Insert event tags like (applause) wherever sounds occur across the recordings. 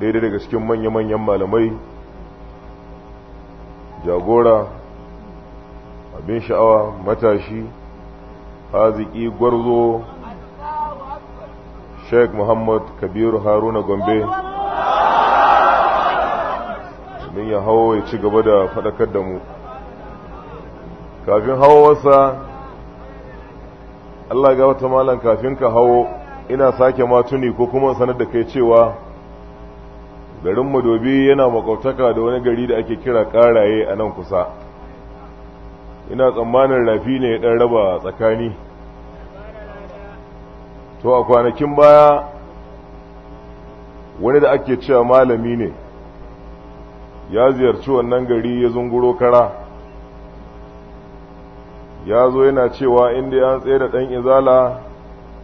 daidai daga cikin manya-manyan malamai jagora abin sha'awa matashi haziki gwarzo sheikh muhammad kabiru haruna gombe domin ya hawo ya ci gaba da faɗakar da mu kafin hawowarsa allah ga wata malam kafin ka hawo ina sake matuni ko kuma sanar da kai cewa garin madobi yana makwabtaka da wani gari da ake kira karaye a nan kusa ina tsammanin rafi ne dan raba tsakani to a kwanakin baya wani da ake cewa malami ne ya ziyarci wannan gari ya zunguro kara ya zo yana cewa inda ya tsaye da ɗan izala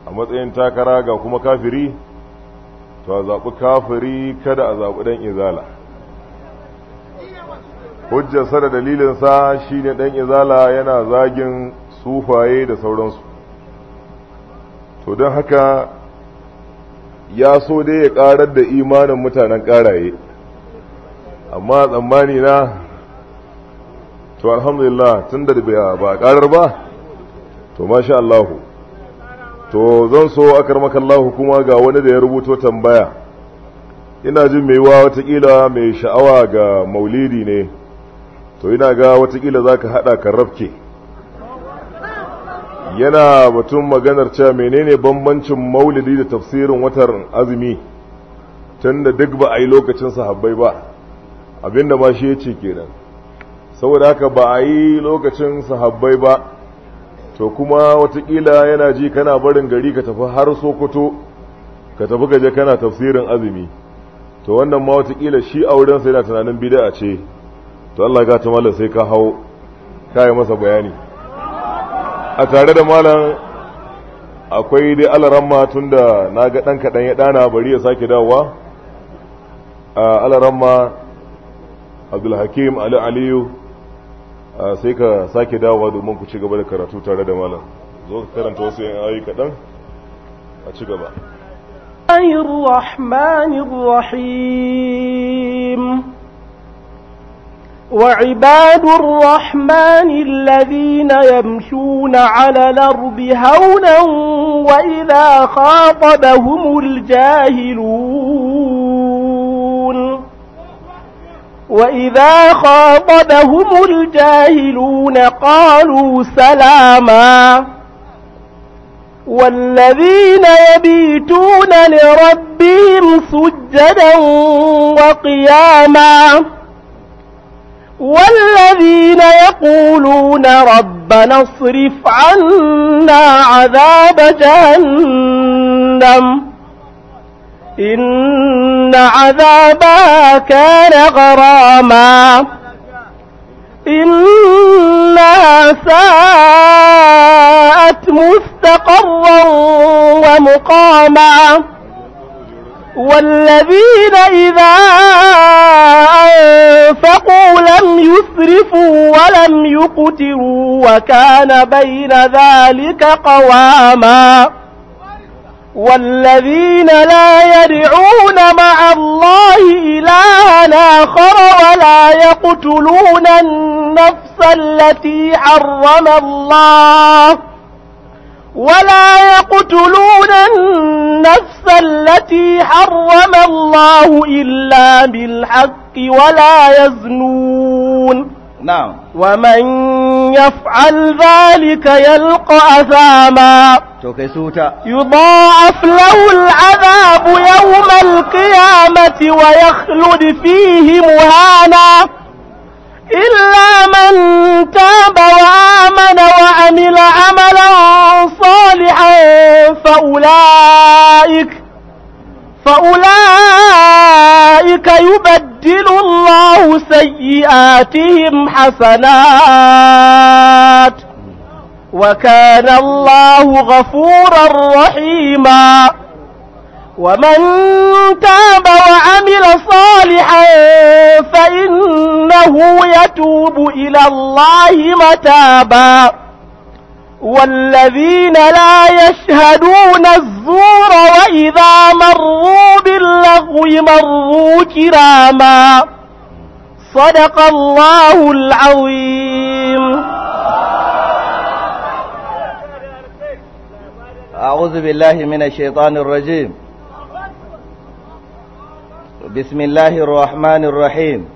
a matsayin takara ga kuma kafiri to a zaɓi kafiri kada a zaɓi ɗan izala hujjarsa da dalilinsa ne ɗan izala yana zagin sufaye da sauransu to don haka ya so dai ya ƙarar da imanin mutanen ƙaraye amma tsammani na to alhamdulillah tun da ba a ƙarar ba to masha Allahu to zan so a akarmakallahu kuma ga wani da ya rubuto tambaya ina jin mai wa watakila mai sha'awa ga maulidi ne to ina ga watakila za ka haɗa ka yana batun maganar cewa menene bambancin maulidi da tafsirin watar azumi tun da duk ba a yi lokacin sahabbai ba abinda ba shi ya ce kenan saboda haka ba a yi lokacin sahabbai ba to kuma watakila yana ji kana barin gari ka tafi har sokoto ka tafi gaje kana tafsirin azumi to wannan ma watakila shi a wurinsa yana tunanin bid'a ce to Allah ga ta mallan sai ka hau kai masa bayani a tare da malam akwai dai alaramma tunda na ga dan kadan ya dana bari ya sake dawowa alaramma Abdul Hakim Ali Aliyu sai ka sake dawowa domin ku ci gaba da karatu tare da malam zo ka karanta wasu yan ayi kaɗan a ci gaba الرحمن الرحيم وعباد الرحمن الذين يمشون على الأرض هونا وإذا خاطبهم الجاهلون وإذا خاطبهم الجاهلون قالوا سلاما والذين يبيتون لربهم سجدا وقياما والذين يقولون ربنا اصرف عنا عذاب جهنم إن عذابها كان غراما إنها ساءت مستقرا ومقاما والذين إذا أنفقوا لم يسرفوا ولم يقتروا وكان بين ذلك قواما والذين لا يدعون مع الله إلها آخر ولا يقتلون النفس التي حرم الله ولا يقتلون النفس التي حرم الله إلا بالحق ولا يزنون نعم ومن يفعل ذلك يلقى أثاما يضاعف له العذاب يوم القيامة ويخلد فيه مهانا إلا من تاب وآمن وعمل عملا صالحا فأولئك فأولئك يبدل الله سيئاتهم حسنات وكان الله غفورا رحيما ومن تاب وعمل صالحا فإنه يتوب إلى الله متابا والذين لا يشهدون الزور وإذا مروا باللغو مروا كراما صدق الله العظيم أعوذ بالله من الشيطان الرجيم بسم الله الرحمن الرحيم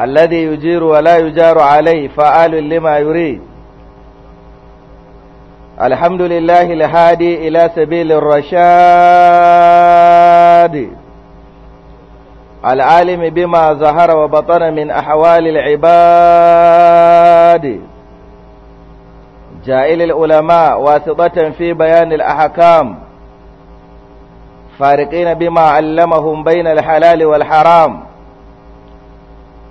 الذي يجير ولا يجار عليه فعال لما يريد الحمد لله الهادي إلى سبيل الرشاد العالم بما ظهر وبطن من أحوال العباد جائل العلماء واسطة في بيان الأحكام فارقين بما علمهم بين الحلال والحرام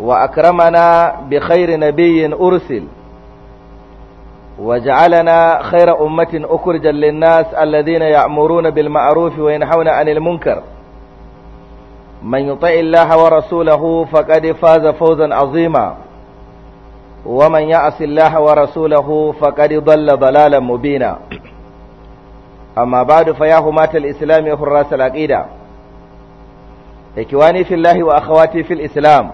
وأكرمنا بخير نبي أرسل وجعلنا خير أمة أخرجا للناس الذين يأمرون بالمعروف وينحون عن المنكر من يطع الله ورسوله فقد فاز فوزا عظيما ومن يعص الله ورسوله فقد ضل ضلالا مبينا أما بعد فيا همات الإسلام حراس العقيدة إكواني في الله وأخواتي في الإسلام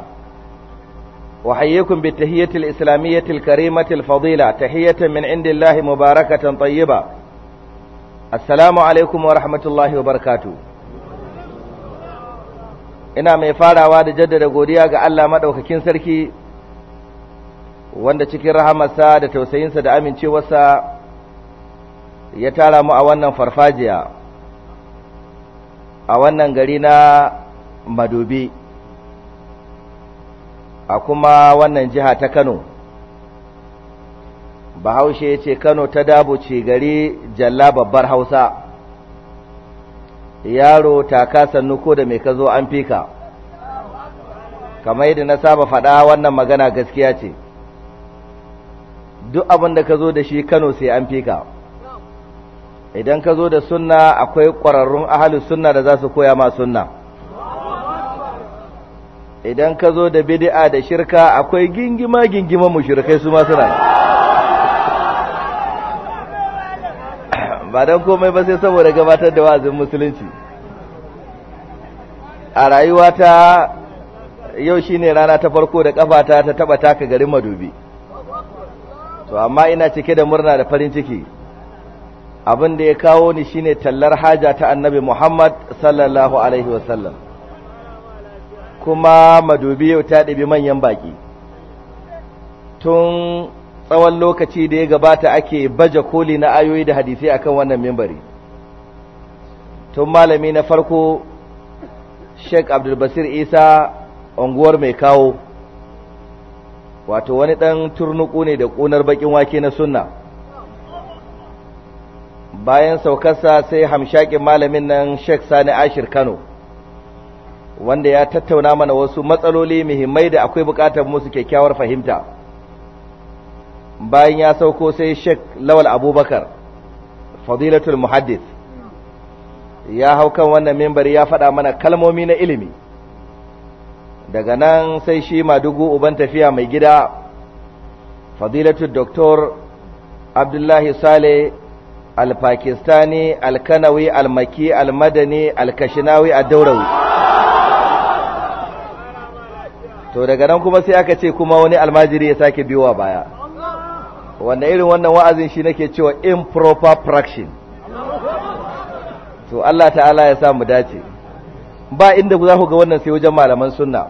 أحييكم بالتهية الإسلامية الكريمة الفضيلة تحية من عند الله مباركة طيبة السلام عليكم ورحمة الله وبركاته ina mai farawa da jaddada godiya ga Allah madaukakin sarki wanda cikin rahamarsa da tausayinsa da amincewarsa ya tara mu a wannan farfajiya a wannan gari na Madobi a kuma wannan jiha ta Kano Bahaushe ya ce Kano ta dabuce gari jalla babbar Hausa yaro ta sannu nuko da me kazo zo an fika kamar yadda na saba faɗa wannan magana gaskiya ce duk abin da ka da shi Kano sai an fika idan kazo da sunna akwai ƙwararrun ahalus sunna da za su koya ma sunna idan ka zo da bid'a da shirka akwai gingima gingima mushrikai su ma suna (coughs) ba don komai ba sai saboda gabatar da wa'azin musulunci a rayuwata yau shine rana ta farko da kafata ta taba taka garin madubi. to amma ina cike da murna da farin ciki abin da ya kawo ni shine tallar haja ta annabi Muhammad sallallahu alaihi wasallam kuma madobi yau ta ɗabi manyan baƙi tun tsawon lokaci da ya gabata ake baje koli na ayoyi da hadisai akan wannan mimbari tun malami na farko sheik abdulbasir isa unguwar mai kawo wato wani ɗan turnuku ne da ƙunar baƙin wake na sunna bayan saukarsa sai hamshakin malamin nan sheik sani ashir kano wanda ya tattauna mana wasu matsaloli muhimmai da akwai bukatar musu kyakkyawar fahimta bayan ya sauko sai Sheikh Lawal Abubakar Fadilatul Muhaddith ya hau kan wannan membari ya faɗa mana kalmomi na ilimi daga nan sai shi madugu uban tafiya mai gida Fadilatul Dr. Abdullahi Sale Al-Pakistani Al-Kanawi Al-Maki Al-Madani Al-Kashinawi Ad-Daurawi to daga nan kuma sai aka ce kuma wani almajiri ya sake biyowa baya wanda irin wannan wa'azin shi nake cewa improper fraction to Allah ta'ala ya samu dace ba inda za ku ga wannan sai wajen malaman sunna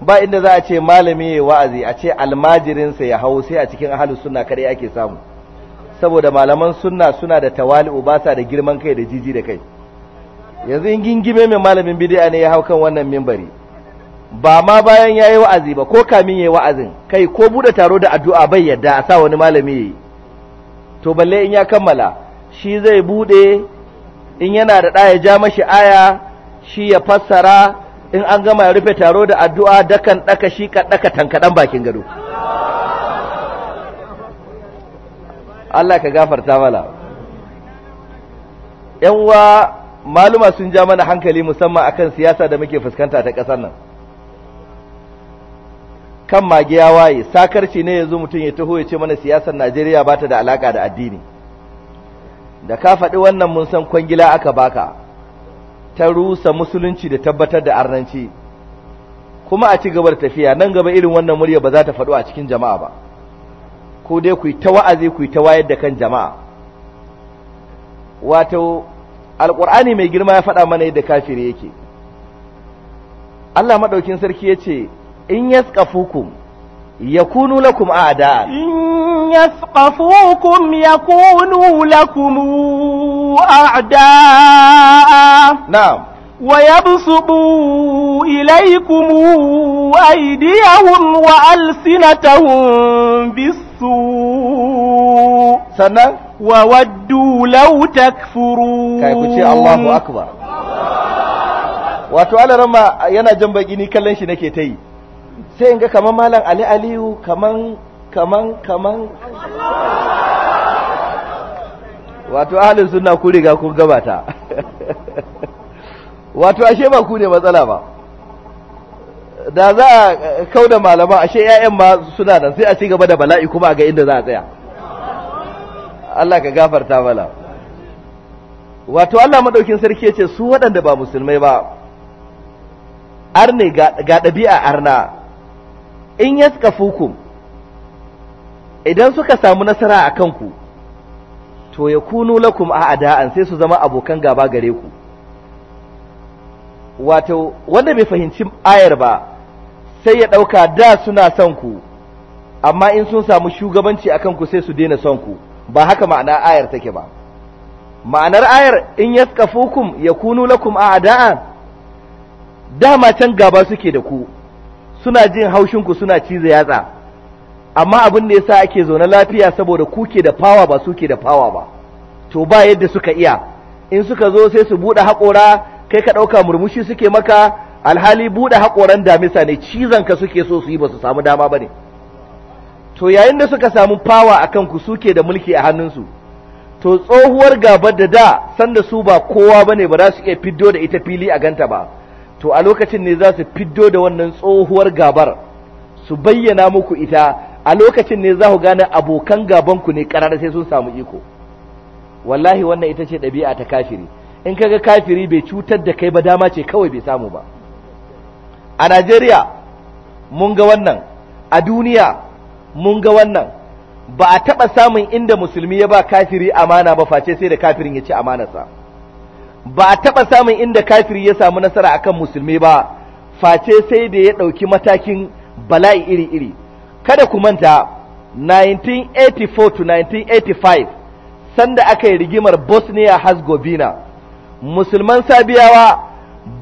ba inda za a ce malami ya wa'azi a ce almajirinsa ya hau sai a cikin ahalus sunna kare ake samu saboda malaman sunna suna da tawali'u ba sa da girman kai da jiji da kai yanzu in gingime mai malamin bid'a ne ya hau kan wannan mimbari ba ma bayan yayi wa'azi ba ko kamin yayi wa'azin kai ko bude taro da addu'a bai yadda a sa wani malami yi. to balle in ya kammala shi zai bude in yana da ɗaya ja mashi aya shi ya fassara in an gama ya rufe taro da addu'a dakan ɗaka shi ka ɗaka tankaɗan bakin gado Allah ka gafarta mala ‘yan uwa maluma sun ja mana hankali musamman akan siyasa da muke fuskanta ta ƙasar nan kan mage ya waye sakarci ne yanzu mutum ya taho ya ce mana siyasar Najeriya ba ta da alaka da addini da ka faɗi wannan mun san kwangila aka baka ta rusa musulunci da tabbatar da arnanci kuma a ci gaba da tafiya nan gaba irin wannan murya ba za ta faɗo a cikin jama'a ba ko dai ku yi ta wa'azi ku yi ta wayar da kan jama'a wato alƙur'ani mai girma ya faɗa mana yadda kafiri yake Allah maɗaukin sarki ya ce in yasqafukum yakunu lakum aada in yasqafukum yakunu lakum aada na'am wa yabsubu ilaykum aydiyahum wa alsinatahum bisu sanan wa waddu law takfuru kai kuce allahu akbar wato alarama yana jan ni kallon shi nake ta yi sai ga kamar malam ali aliyu kaman kaman kaman wato ahalin suna ku riga kun gabata (laughs) wato ashe ba ku ne matsala ba da za a kau da malama ashe 'ya'yan ma suna da sai a ci gaba da bala'i kuma ga inda za a tsaya Allah ka gafarta mala wato Allah madaukin sarki yace ce su waɗanda ba musulmai ba arne ga ɗabi'a arna in ya yaskafukum idan suka samu nasara a kanku to ya kunu lakum a'da'an sai su zama abokan gaba gare ku wato wanda bai fahimci ayar ba sai ya ɗauka da suna son ku amma in sun samu shugabanci a kanku sai su daina son ku ba haka ma'ana ayar take ba ma'anar ayar in ya yaskafukum yakunu lakum a'da'an dama can gaba suke da ku suna jin haushin ku suna cize yatsa amma abin da yasa ake zaune lafiya saboda kuke da fawa ba su da fawa ba to ba yadda suka iya in suka zo sai su buɗe haƙora kai ka ɗauka murmushi suke maka alhali buɗe haƙoran damisa ne cizon ka suke so su yi ba su samu dama ba ne to yayin da suka samu fawa a kanku suke da mulki a hannunsu to tsohuwar gabar da da sanda su ba kowa ba ne ba za su iya fiddo da ita fili a ganta ba to a lokacin ne za su fiddo da wannan tsohuwar gabar su bayyana muku ita a lokacin ne za ku gane abokan gabanku ne karar sai sun samu iko wallahi wannan ita ce ɗabi'a ta kafiri in kaga kafiri bai cutar da kai ba dama ce kawai bai samu ba a Najeriya mun ga wannan a duniya mun ga wannan ba a taɓa samun inda musulmi ya ba kafiri amana ba face sai da kafirin ya ci amanarsa ba a taɓa samun inda kafiri ya samu nasara akan musulmi ba face sai da ya ɗauki matakin bala'i iri-iri kada ku manta 1984 to 1985 sanda aka yi rigimar bosnia herzegovina musulman sabiyawa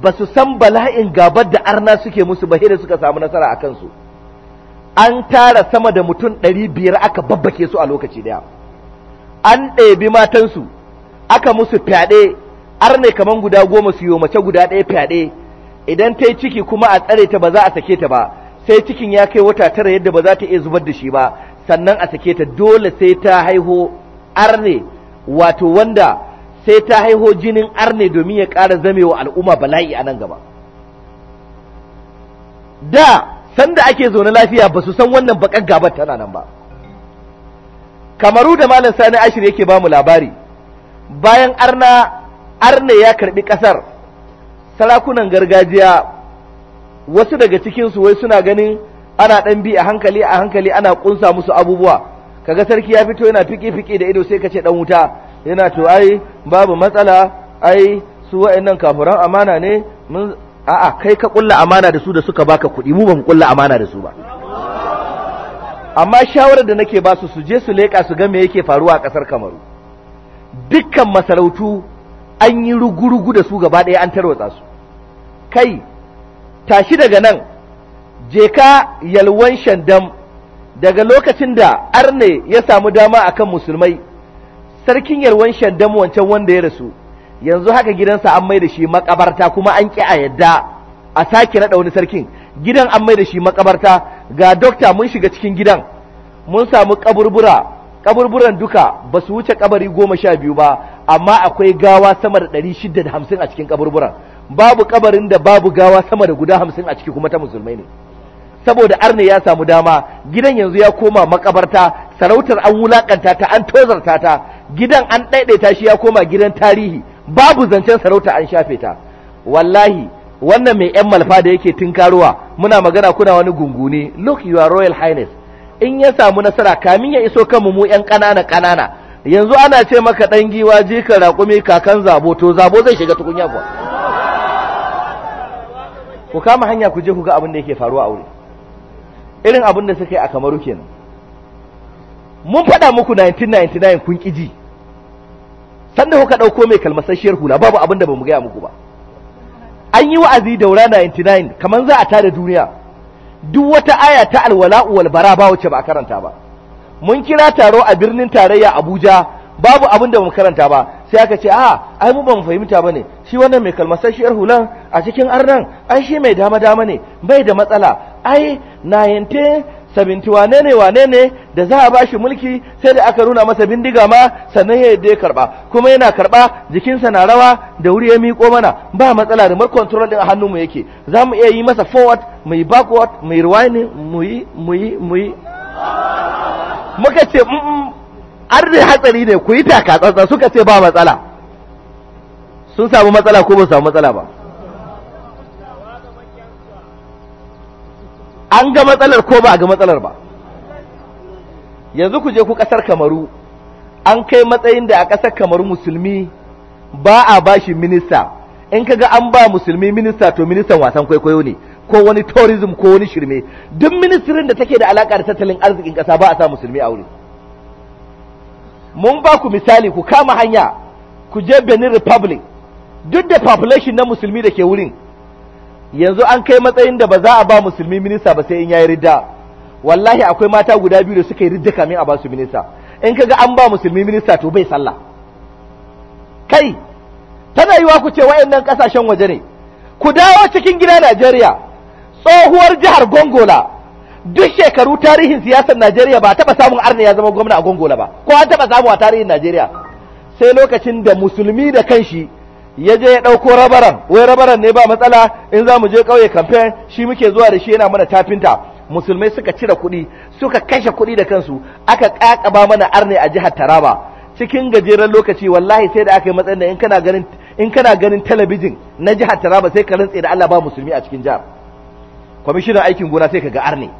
ba su san bala'in gabar da arna suke musu ba da suka samu nasara a kansu an tara sama da mutum 500 aka babbake su a lokaci daya an ɗebi matansu aka musu fyaɗe arne kaman guda goma su yi mace guda ɗaya fyaɗe idan ta ciki kuma a tsare ta ba za a sake ta ba sai cikin ya kai wata tara yadda ba za ta iya zubar da shi ba sannan a sake ta dole sai ta haiho arne wato wanda sai ta haiho jinin arne domin ya ƙara zamewa al'umma bala'i a nan gaba da sanda ake zaune lafiya ba su san wannan baƙar gabar tana nan ba kamaru da malam sani ashir yake ba mu labari bayan arna arne ya karbi kasar sarakunan gargajiya wasu daga cikinsu wai suna ganin ana ɗan bi a hankali a hankali ana ƙunsa musu abubuwa kaga sarki ya fito yana fiki fiki da ido sai ka ce dan wuta yana to ai babu matsala ai su wa'annan kafuran amana ne mun a'a kai ka ƙulla amana da su da suka baka kuɗi mu ban ƙulla amana da su ba amma shawarar da nake ba su su je su leƙa su ga me yake faruwa a ƙasar Kamaru dukkan masarautu an yi rugurugu da su gaba ɗaya an tarwatsa su kai tashi daga nan je ka yalwan shandam daga lokacin da arne ya samu dama akan musulmai sarkin yalwan shandam wancan wanda ya rasu yanzu haka gidansa an mai da shi makabarta kuma an ƙi a yadda a sake naɗa wani sarkin gidan an mai da shi makabarta ga dokta mun shiga cikin gidan mun samu kaburbura kaburburan duka ba su wuce kabari goma sha biyu ba amma akwai gawa sama da 650 a cikin kaburburan babu kabarin da babu gawa sama da guda 50 a ciki kuma ta musulmai ne saboda arne ya samu dama gidan yanzu ya koma makabarta sarautar an wulakanta ta an tozarta ta gidan an daidaita shi ya koma gidan tarihi babu zancen sarauta an shafe ta wallahi wannan mai yan malfa da yake tinkarowa muna magana kuna wani gungune look your royal highness in ya samu nasara kamin ya iso kanmu mu yan ƙanana ƙanana yanzu ana ce maka ɗan giwa ka raƙumi kakan zabo to zabo zai shiga tukunya kuwa ku kama hanya ku je ku ga abin da yake faruwa a irin abin da suka yi a kamaru kenan mun faɗa muku 1999 kun ƙi ji sanda kuka ɗauko mai kalmasasshiyar hula babu abin da ba mu gaya muku ba an yi wa'azi daura 99 kamar za a tare duniya duk wata aya ta alwala'u wal bara ba wacce ba a karanta ba mun kira taro a birnin tarayya Abuja babu abin da mu karanta ba sai aka ce a ah, ai mu ba mu fahimta bane shi wannan mai kalmasar kalmasasshiyar hulan a cikin arnan ai shi mai dama dama ne bai da matsala ai 1970 wane ne wane ne da za a bashi mulki sai da aka nuna masa bindiga ma sannan ya yadda ya karba kuma yana karba jikinsa na rawa da wuri ya miko mana ba matsala da mar kontrol din a hannunmu yake za mu iya yi masa forward mu yi backward mu yi rewinding mu yi mu yi mu yi muka ce mm, mm, an ne hatsari ne ku yi taka tsatsa, suka ce ba matsala sun samu matsala ko ba samu matsala ba an ga matsalar ko ba a ga matsalar ba yanzu ku je ku kasar kamaru an kai matsayin da a kasar kamaru musulmi ba a bashi minista in kaga an ba musulmi minista to ministan wasan kwaikwayo ne ko wani tourism ko wani shirme duk ministirin da take da alaka da tattalin arzikin ƙasa ba a sa musulmi a wuri mun ba ku misali ku kama hanya ku je Benin Republic duk da population na musulmi da ke wurin yanzu an kai matsayin da ba za a ba musulmi minista ba sai in yayi ridda wallahi akwai mata guda biyu da suka yi ridda kamin a ba su minista in kaga an ba musulmi minista to bai sallah kai tana yiwa ku ce wayannan kasashen waje ne ku dawo cikin gida Najeriya tsohuwar jihar gongola duk shekaru tarihin siyasar najeriya ba taba samun arna ya zama gwamna a gongola ba ko an taba samu a tarihin najeriya sai lokacin da musulmi da kanshi ya je ya ɗauko rabaran wai rabaran ne ba matsala in za mu je ƙauye kamfen shi muke zuwa da shi yana mana tafinta musulmai suka cire kuɗi suka kashe kuɗi da kansu aka ƙaƙaba mana arne a jihar taraba cikin gajeren lokaci wallahi sai da aka yi matsayin da in kana ganin in kana ganin talabijin na jihar taraba sai ka rantse da allah ba musulmi a cikin jihar kwamishinan aikin gona sai ga arne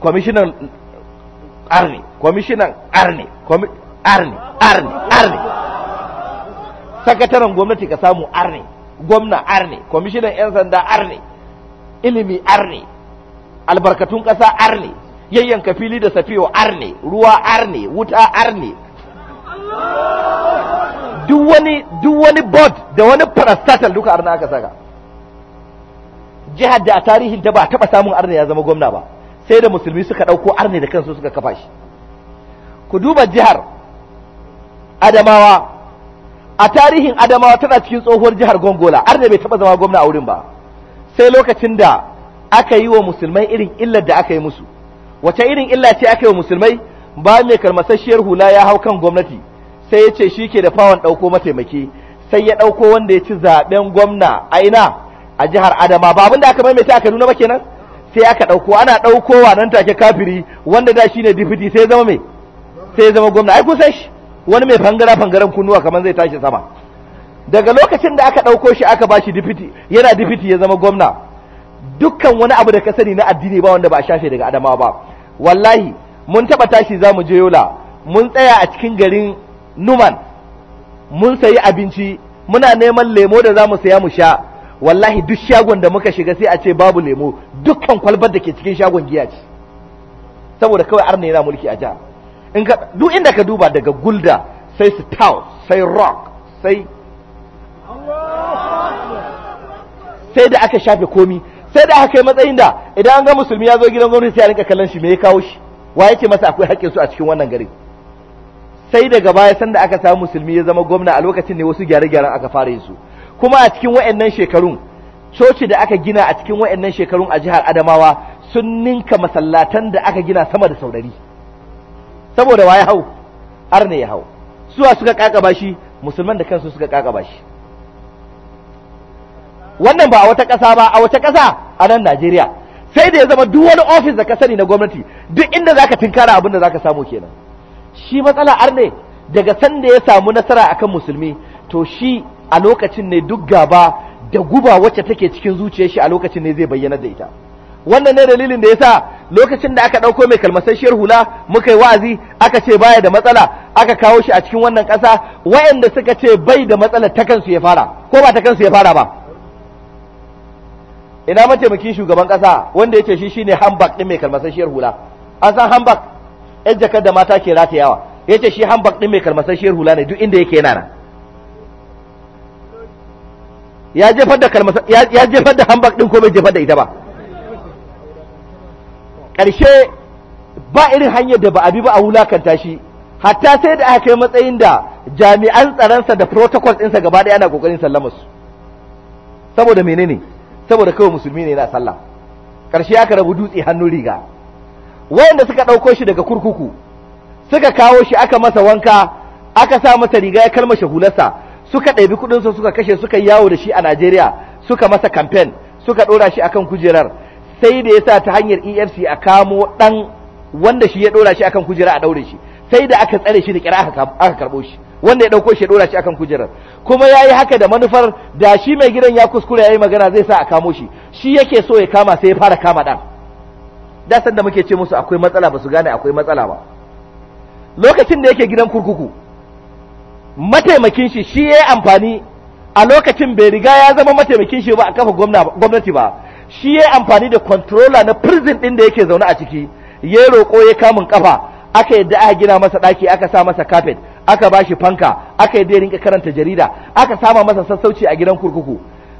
kwamishinan arne kwamishinan arne arne arne arne sakataren gwamnati ka samu arne gwamna arne kwamishinan 'yan sanda arne ilimi arne albarkatun ƙasa arne yayyanka fili da safiyo arne ruwa arne wuta arne duk wani duk wani board da wani parastatal duka arna aka saka jihar da a tarihin ta ba taba samun arne ya zama gwamna ba sai da musulmi suka dauko arne da kansu suka kafa shi ku duba jihar Adamawa a tarihin Adamawa tana cikin tsohuwar jihar Gongola arne bai taba zama gwamna a wurin ba sai lokacin da aka yi wa musulmai irin illar da aka yi musu wace irin illa ce aka yi wa musulmai ba mai kalmasasshiyar hula ya hau kan gwamnati sai ya ce shi ke da fawon ɗauko mataimaki sai ya ɗauko wanda ya ci zaben gwamna a ina a jihar Adama ba abin da aka maimaita a Kaduna ba kenan sai aka ɗauko ana ɗaukowa nan take kafiri wanda da shine deputy sai zama me sai zama gwamna ai kusan shi wani mai fangara fangaran kunnuwa kamar zai tashi sama daga lokacin da aka ɗauko shi aka bashi deputy yana deputy ya zama gwamna dukkan wani abu da ka sani na addini ba wanda ba a shafe daga Adama ba wallahi mun taba tashi zamu je Yola mun tsaya a cikin garin Numan mun sayi abinci muna neman lemo da zamu saya mu sha wallahi duk shagon da muka shiga sai a ce babu lemo dukkan kwalbar da ke cikin shagon giya ce saboda kawai arna yana mulki a jihar in ka duk inda ka duba daga gulda sai stout sai rock sai sai da aka shafe komi sai da aka kai matsayin da idan an ga musulmi ya zo gidan gwamnati sai a rinka kallon shi me ya kawo shi wa yake masa akwai haƙƙin su a cikin wannan gari sai daga baya sanda aka samu musulmi ya zama gwamna a lokacin ne wasu gyare-gyaren aka fara yin su kuma a cikin wayannan shekarun coci da aka gina a cikin waannan shekarun a jihar Adamawa sun ninka masallatan da aka gina sama da saurari saboda waye hau arne ya hau suwa suka kakaba shi musulman da kansu suka kakaba shi wannan ba a wata ƙasa ba a wata ƙasa a nan Najeriya sai da ya zama duk wani ofis da ka sani na gwamnati duk inda zaka tinkara abin da ka samu kenan shi matsala ne daga sanda ya samu nasara akan musulmi to shi a lokacin ne duk gaba da guba wacce take cikin zuciyar shi a lokacin ne zai bayyana da ita wannan ne dalilin da yasa lokacin da aka dauko mai kalmasasshiyar hula muka yi wa'azi aka ce baya da matsala aka kawo shi a cikin wannan kasa wayanda suka ce bai da matsala ta kansu ya fara ko ba ta kansu ya fara ba ina mataimakin shugaban kasa wanda ya ce shi shine hanbak din mai kalmasasshiyar hula an san hanbak yan jakar da mata ke ratayawa ya ce shi hanbak din mai kalmasasshiyar hula ne duk inda yake yana nan ya jefar da kalmasa ya ko bai jefar da ita ba ƙarshe ba irin hanyar da ba a bi ba a wulakanta shi hatta sai da aka kai matsayin da jami'an tsaronsa da protocol ɗinsa gaba ɗaya ana ƙoƙarin sallama su saboda menene saboda kawai musulmi ne yana sallah ƙarshe aka rabu dutse hannu riga wayanda suka ɗauko shi daga kurkuku suka kawo shi aka masa wanka aka sa masa riga ya kalmashe hularsa suka ɗabi kuɗinsu suka kashe suka yawo da shi a Najeriya suka masa kamfen suka ɗora shi akan kujerar sai da ya sa ta hanyar EFC a kamo ɗan wanda shi ya ɗora shi akan kujera a ɗaure shi sai da aka tsare shi da kira aka karɓo shi wanda ya ɗauko shi ya ɗora shi akan kujerar kuma ya yi haka da manufar da shi mai gidan ya kuskure ya yi magana zai sa a kamo shi shi yake so ya kama sai ya fara kama ɗan da sanda muke ce musu akwai matsala ba su gane akwai matsala ba lokacin da yake gidan kurkuku mataimakin shi shi yayi amfani a lokacin bai riga ya zama mataimakin shi ba a kafa gwamnati ba shi yayi amfani da controller na prison din da yake zaune a ciki ya roƙo ya kamun kafa aka yadda aka gina masa ɗaki aka sa masa carpet aka ba shi fanka aka yadda ya rinka karanta jarida aka sama masa sassauci a gidan kurkuku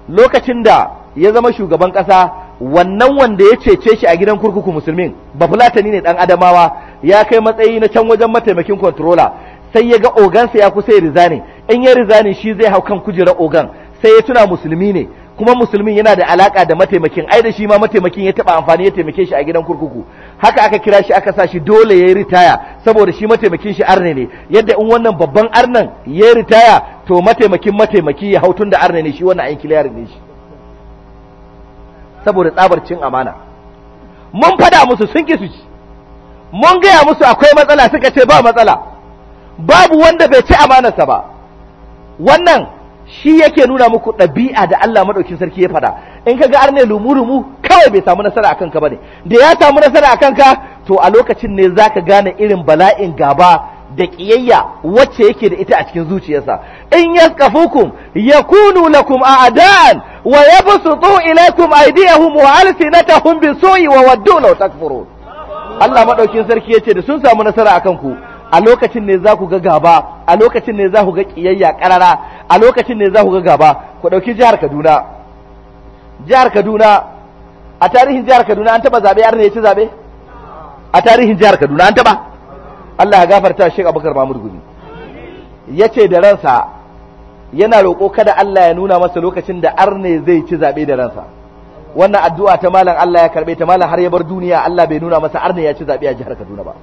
lokacin da ya zama shugaban ƙasa wannan wanda ya cece shi a gidan kurkuku musulmin ba fulatani ne dan adamawa ya kai matsayi na can wajen mataimakin controller sai ya ga ogansa ya kusa ya rizani in ya rizani shi zai hau kan kujerar ogan sai ya tuna musulmi ne kuma musulmin yana da alaka da mataimakin ai da shi ma mataimakin ya taba amfani ya taimake shi a gidan kurkuku haka aka kira shi aka sa shi dole ya yi ritaya saboda shi mataimakin shi arne ne yadda in wannan babban arnan ya ritaya to mataimakin mataimaki ya hau tun da arne ne shi wannan ayin kiliyar ne shi saboda tsabar cin amana mun fada musu sun ki su ci mun gaya musu akwai matsala suka ce ba matsala babu wanda bai ci amanarsa ba wannan shi yake nuna muku ɗabi'a da Allah maɗaukin sarki ya faɗa in ka ga arne lumu-lumu kawai bai samu nasara akan ka bane da ya samu nasara akan ka to a lokacin ne zaka gane irin bala'in gaba da ƙiyayya wacce yake da ita a cikin zuciyarsa in yaskafukum yakunu lakum a'da'an wa yabsutu ilaykum aydiyahum wa alsinatahum bisu'i wa waddu law takfurun Allah madaukin sarki yace da sun samu nasara akan ku a lokacin ne za ku ga gaba a lokacin ne za ku ga kiyayya karara a lokacin ne za ku ga gaba ku ɗauki jihar Kaduna jihar Kaduna a tarihin jihar Kaduna an taba zabe arne ya ci zabe a tarihin jihar Kaduna an taba Allah ya gafarta Sheikh Abubakar Mahmud Gumi yace da ransa yana roƙo kada Allah ya nuna masa lokacin da arne zai ci zabe da ransa wannan addu'a ta malam Allah ya karbe ta malam har ya bar duniya Allah bai nuna masa arne ya ci zabe a jihar Kaduna ba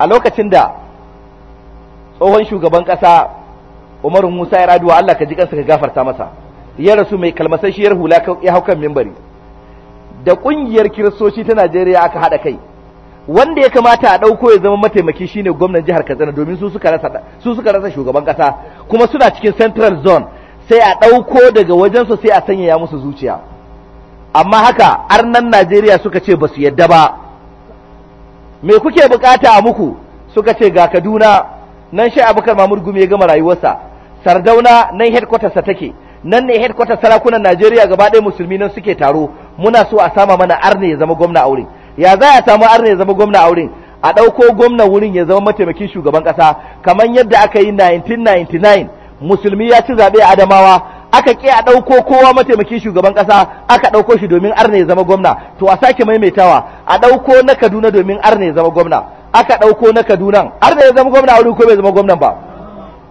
a lokacin da tsohon shugaban ƙasa Umaru Musa ya raduwa Allah ka ji kansa ka gafarta masa ya rasu mai kalmasai shiyar hula ya hau kan mimbari da ƙungiyar kiristoci ta Najeriya aka haɗa kai wanda ya kamata a ɗauko ya zama mataimaki shine gwamnan jihar Katsina domin su suka rasa su suka rasa shugaban ƙasa kuma suna cikin central zone sai a ɗauko daga wajensu sai a sanya ya musu zuciya amma haka arnan Najeriya suka ce ba su yadda ba me kuke bukata a muku suka ce ga Kaduna nan shi Abubakar Mamur Gumi ya gama rayuwarsa Sardauna nan headquarters sa take nan ne headquarters sarakunan Najeriya gaba ɗaya musulmi nan suke taro muna so a sama mana arne ya zama gwamna aure ya za a samu arne ya zama gwamna aure a ɗauko gwamna wurin ya zama mataimakin shugaban ƙasa kamar yadda aka yi 1999 musulmi ya ci zaɓe Adamawa aka ƙi a ɗauko kowa mataimakin shugaban ƙasa aka ɗauko shi domin arna ya zama gwamna to a sake maimaitawa a ɗauko na kaduna domin arna ya zama gwamna aka ɗauko na kaduna arna ya zama gwamna wani ko bai zama gwamnan ba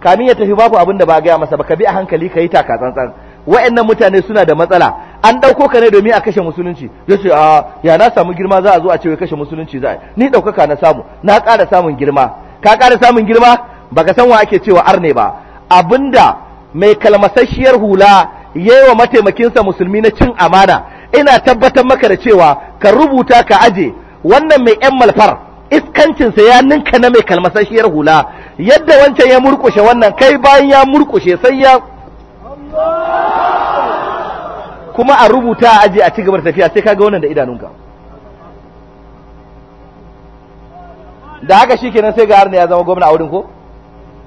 kamin ya tafi babu abin da ba gaya masa ba ka bi a hankali ka yi taka tsantsan wa'annan mutane suna da matsala an ɗauko ka ne domin a kashe musulunci ya ce a ah, ya na samu girma za a zo a ce wai kashe musulunci za a ni ɗaukaka na samu na ƙara samun girma ka ƙara samun girma baka san wa ake cewa arne ba abinda mai kalmasasshiyar hula wa mataimakinsa musulmi na cin amana ina tabbatar maka da cewa ka rubuta ka aje wannan mai yan malfar iskancinsa ya ninka na mai kalmasasshiyar hula yadda wancan ya murkushe wannan kai bayan ya murkushe sai ya kuma a rubuta a aje a ci gaba da tafiya sai ka kaga wannan da idanunka da haka shikenan sai ga har ne ya zama gwamna a wurin ko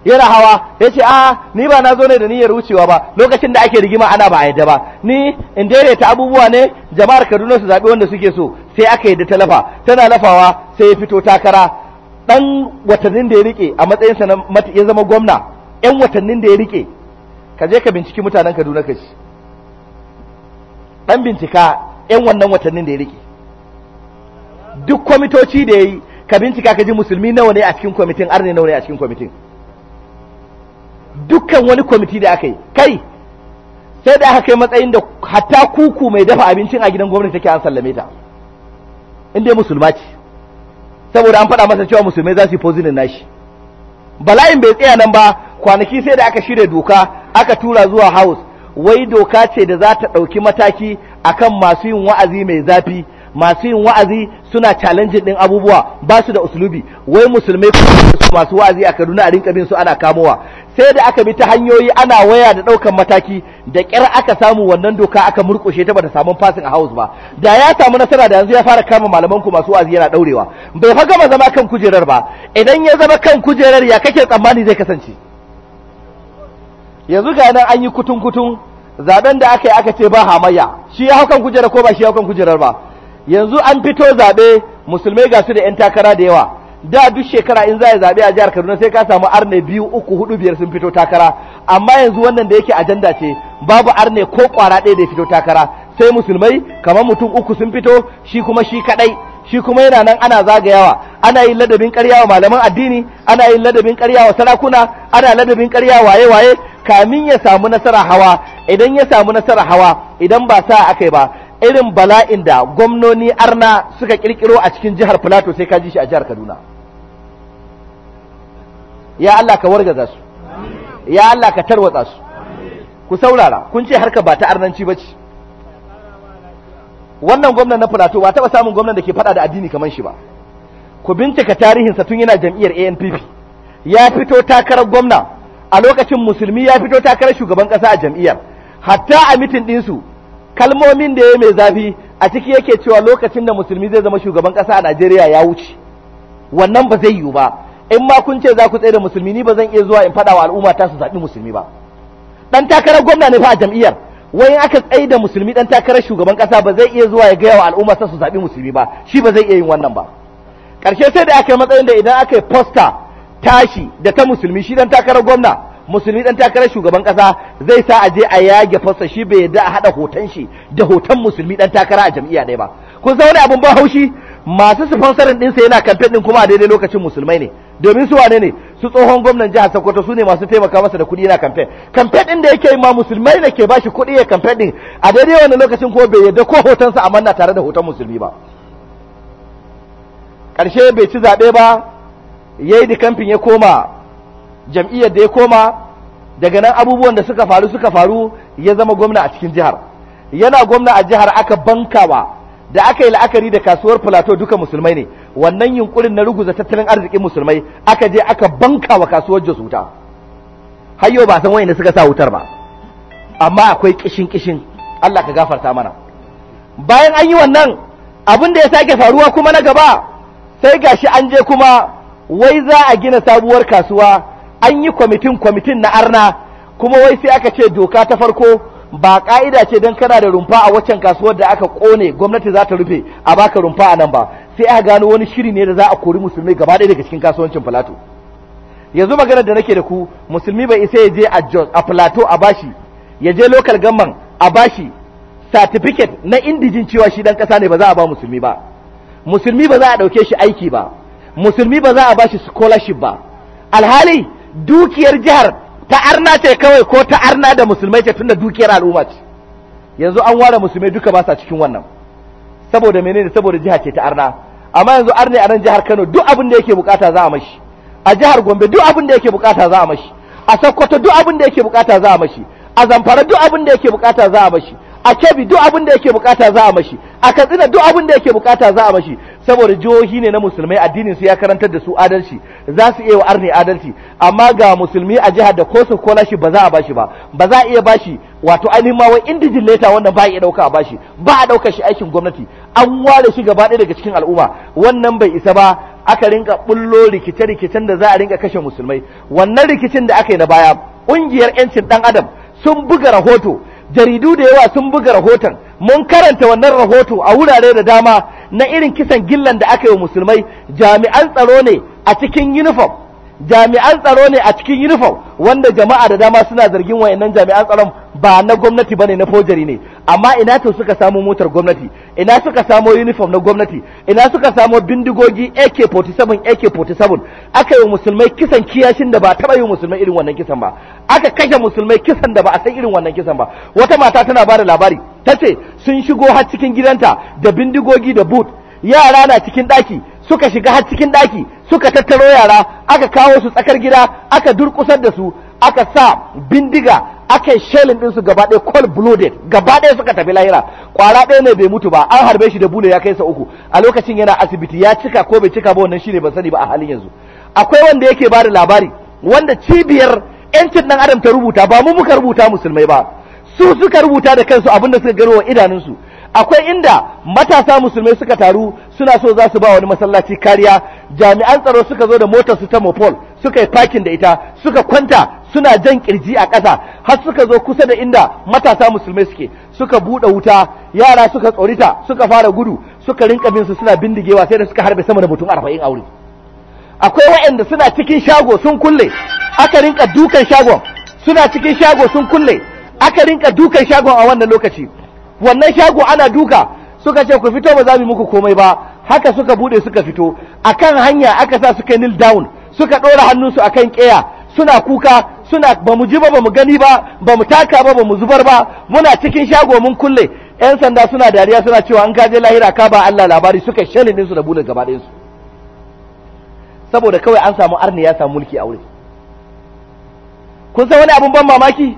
yana hawa ya ce a ah, ni ba na zo ne da niyyar wucewa ba lokacin da ake rigima ana ba a yadda ba ni in daidaita abubuwa ne jama'ar kaduna su zaɓi wanda suke so sai aka yadda ta lafa tana lafawa sai ya fito takara ɗan watannin da ya rike a matsayinsa na ya zama gwamna yan watannin da ya rike ka je ka binciki mutanen kaduna ka ci ɗan bincika yan wannan watannin da ya rike duk kwamitoci da ya yi ka bincika ka ji musulmi nawa ne a cikin kwamitin arne nawa ne a cikin kwamitin dukkan wani kwamiti da aka yi kai sai da aka kai matsayin da hatta kuku mai dafa abincin a gidan gwamnati take an sallame ta inda ya musulma ce saboda an faɗa masa cewa musulmai za su yi pozinin nashi bala'in bai tsaya nan ba kwanaki sai da aka shirya doka aka tura zuwa house wai doka ce da za ta ɗauki mataki akan masu yin wa'azi mai zafi masu yin wa'azi suna challenge din abubuwa ba su da uslubi wai musulmai su masu wa'azi a Kaduna a rinka bin su ana kamowa sai da aka bi ta hanyoyi ana waya da daukan mataki da kyar aka samu wannan doka aka murkushe ta bata samu fasin a house ba da ya samu nasara da yanzu ya fara kama malaman ku masu wa'azi yana daurewa bai fa gama zama kan kujerar ba idan ya zama kan kujerar ya kake tsammani zai kasance yanzu ga nan an yi kutun kutun zaben da aka yi aka ce ba hamayya shi ya hau kan kujerar ko ba shi ya hau kan kujerar ba yanzu an fito zaɓe musulmai ga su da 'yan takara da yawa da duk shekara in za a zaɓe a jihar kaduna sai ka samu arne biyu uku hudu biyar sun fito takara amma yanzu wannan da yake ajanda ce babu arne ko kwara ɗaya da ya fito takara sai musulmai kamar mutum uku sun fito shi kuma shi kaɗai shi kuma yana nan ana zagayawa ana yin ladabin ƙarya wa malaman addini ana yin ladabin ƙarya wa sarakuna ana ladabin ƙarya waye waye kamin ya samu nasara hawa idan ya samu nasara hawa idan ba sa aka yi ba irin bala'in da gwamnoni arna suka kirkiro a cikin jihar Filato sai ka ji shi a jihar Kaduna ya Allah ka wargaza su ya Allah ka tarwatsa su ku saurara kun ce harka ba ta arnanci ba ci wannan gwamnan na Filato ba taba samun gwamnan da ke fada da addini kamar shi ba ku bincika tarihinsa tun yana jam'iyyar ANPP ya fito takarar gwamna a lokacin musulmi ya fito takarar shugaban ƙasa a jam'iyyar hatta a mitin ɗinsu kalmomin da ya mai zafi a ciki yake cewa lokacin da musulmi zai zama shugaban kasa a Najeriya ya wuce wannan ba zai yiwu ba in ma kun ce za ku tsaye da musulmi ni ba zan iya zuwa in faɗa wa al'umma ta su zaɓi musulmi ba Ɗan takarar gwamna ne fa a jam'iyyar wai aka tsaye da musulmi ɗan takarar shugaban kasa ba zai iya zuwa ya gaya wa al'umma ta su zaɓi musulmi ba shi ba zai iya yin wannan ba ƙarshe sai da aka yi matsayin da idan aka yi fosta, tashi da ta musulmi shi ɗan takarar gwamna musulmi dan takarar shugaban kasa zai sa a je a yage fasa shi bai yadda a hada hoton shi da hoton musulmi dan takara a jam'iyya ɗaya ba kun san wani abun ba haushi masu sponsorin ɗinsa yana kamfen din kuma a daidai lokacin musulmai ne domin su wane ne su tsohon gwamnan jihar Sokoto su ne masu taimaka masa da kuɗi yana kamfen kamfen ɗin da yake ma musulmai ne ke bashi kuɗi ya kamfen din a daidai wannan lokacin ko bai yadda ko hotonsa a manna tare da hoton musulmi ba karshe bai ci zaɓe ba yayi da kamfin ya koma jam'iyyar da ya koma daga nan abubuwan da suka faru suka faru ya zama gwamna a cikin jihar yana gwamna a jihar aka bankawa da aka yi la'akari da kasuwar plateau duka musulmai ne wannan yunkurin na ruguza tattalin arzikin musulmai aka je aka bankawa kasuwar jos wuta ba san wayanda suka sa wutar ba amma akwai kishin kishin Allah ka gafarta mana bayan an yi wannan abin da ya sake faruwa kuma na gaba sai gashi an je kuma wai za a gina sabuwar kasuwa an yi kwamitin kwamitin na arna kuma wai sai aka ce doka ta farko ba ka'ida ce don kana da rumfa a waccan kasuwar da aka kone gwamnati za ta rufe a baka rumfa a nan ba sai aka gano wani shiri ne da za a kori musulmi gaba ɗaya daga cikin kasuwancin filato yanzu maganar da nake da ku musulmi bai isa ya je a jos a filato a bashi ya je local gamman a bashi certificate na indijin cewa shi dan kasa ne ba za a ba musulmi ba musulmi ba za a ɗauke shi aiki ba musulmi ba za a bashi scholarship ba alhali dukiyar jihar ta arna ce kawai ko ta arna da musulmai ce tunda dukiyar al'umma ce yanzu an ware musulmai duka ba sa cikin wannan saboda menene saboda jiha ce ta arna amma yanzu arne a nan jihar Kano duk abin da yake bukata za a mashi a jihar Gombe duk abin da yake bukata za a mashi a Sokoto duk abin da yake bukata za a mashi a Zamfara duk abin da yake bukata za a mashi a Kebbi duk abin da yake bukata za a mashi a Katsina duk abin da yake bukata za a mashi saboda jihohi ne na musulmai addinin su ya karantar da su adalci za su iya wa arni adalci amma ga musulmi a jihar da ko su kola shi ba za a bashi ba ba za a iya bashi wato ainihin ma wai indijin leta wanda ba iya dauka a bashi ba a dauka shi aikin gwamnati an ware shi gaba ɗaya daga cikin al'umma wannan bai isa ba aka rinka bullo rikice-rikicen da za a rinka kashe musulmai wannan rikicin da aka yi na baya ƙungiyar 'yancin ɗan adam sun buga rahoto jaridu da yawa sun buga rahoton mun karanta wannan rahoto a wurare da dama na irin kisan gillan da aka yi wa musulmai jami'an tsaro ne a cikin uniform jami'an tsaro ne a cikin uniform wanda jama'a da dama suna zargin wayannan jami'an tsaron ba na gwamnati bane na fojari ne amma ina to suka samu motar gwamnati ina suka samu uniform na gwamnati ina suka samu bindigogi AK47 AK47 aka yi musulmai kisan kiyashin da ba taba yi musulmai irin wannan kisan ba aka kashe musulmai kisan da ba a san irin wannan kisan ba wata mata tana ba da labari tace sun shigo har cikin gidanta da bindigogi da boot yara na cikin daki suka shiga har cikin ɗaki suka tattaro yara aka kawo su tsakar gida aka durkusar da su aka sa bindiga aka yi shelin su gaba ɗaya cold blooded gaba ɗaya suka tafi lahira kwara ɗaya ne bai mutu ba an harbe shi da bule ya kai sa uku a lokacin yana asibiti ya cika ko bai cika ba wannan shine ban sani ba a halin yanzu akwai wanda yake ba da labari wanda cibiyar yancin ɗan adam ta rubuta ba mu muka rubuta musulmai ba su suka rubuta da kansu abinda suka gano wa idanunsu akwai inda matasa musulmai suka taru suna so za su ba wani masallaci kariya jami'an tsaro suka zo da motar su ta mopol suka yi parking da ita suka kwanta suna jan kirji a ƙasa har suka zo kusa da inda matasa musulmai suke suka buɗe wuta yara suka tsorita suka fara gudu suka rinka bin su suna bindigewa sai da suka harbe sama da mutum arba'in aure akwai waɗanda suna cikin shago sun kulle aka rinka dukan shagon suna cikin shago sun kulle aka rinka dukan shagon a wannan lokaci wannan shago ana duka suka ce ku fito ba za mu muku komai ba haka suka bude suka fito akan hanya aka sa suka nil down suka ɗora hannunsu akan ƙeya suna kuka suna ba mu ji ba ba mu gani ba ba mu taka ba ba mu zubar ba muna cikin shago mun kulle yan sanda suna dariya suna cewa an kaje lahira ka ba Allah labari suka shelin su da buɗe gaba su saboda kawai an samu arni ya samu mulki aure. kun san wani abun ban mamaki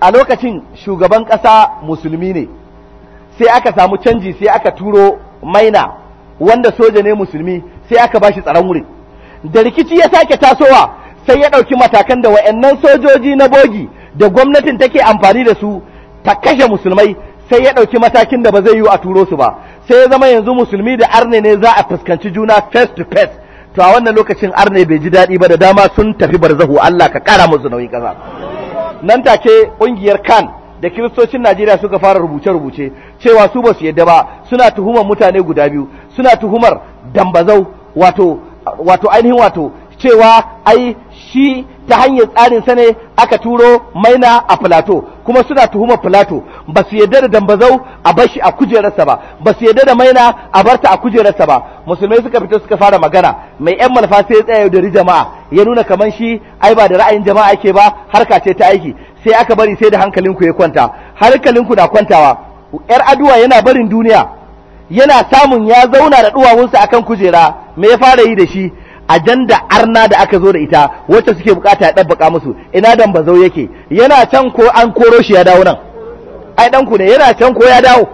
a lokacin shugaban ƙasa musulmi ne sai aka samu canji sai aka turo maina wanda soja ne musulmi sai aka bashi tsaron wuri da rikici ya sake tasowa sai ya ɗauki matakan da wa'annan sojoji na bogi da gwamnatin take amfani da su ta kashe musulmai sai ya ɗauki matakin da ba zai yi a turo su ba sai ya zama yanzu musulmi da arne ne za a fuskanci juna face to face to a wannan lokacin arne bai ji daɗi ba da dama sun tafi barzahu Allah ka kara musu nauyin ƙasa nan take ƙungiyar kan da kiristocin Najeriya suka fara rubuce-rubuce cewa su ba su yadda ba suna tuhumar mutane guda biyu suna tuhumar dambazau wato ainihin wato cewa ai shi ta hanyar tsarin sane aka turo maina a filato kuma suna tuhumar filato ba su yarda da dambazau a bar shi a kujerarsa ba ba su yarda da maina a bar ta a kujerarsa ba musulmai suka fito suka fara magana mai yan malfa sai ya tsaya da jama'a ya nuna kaman shi ai ba da ra'ayin jama'a yake ba harka ce ta aiki sai aka bari sai da hankalinku ya kwanta hankalinku na kwantawa yar aduwa yana barin duniya yana samun ya zauna da duwawunsa akan kujera me ya fara yi da shi a jan da arna da aka zo da ita wacce suke bukata ya dabbaka musu ina dambazau bazau yake yana can ko an koro shi ya dawo nan ai ɗanku ne yana can ko ya dawo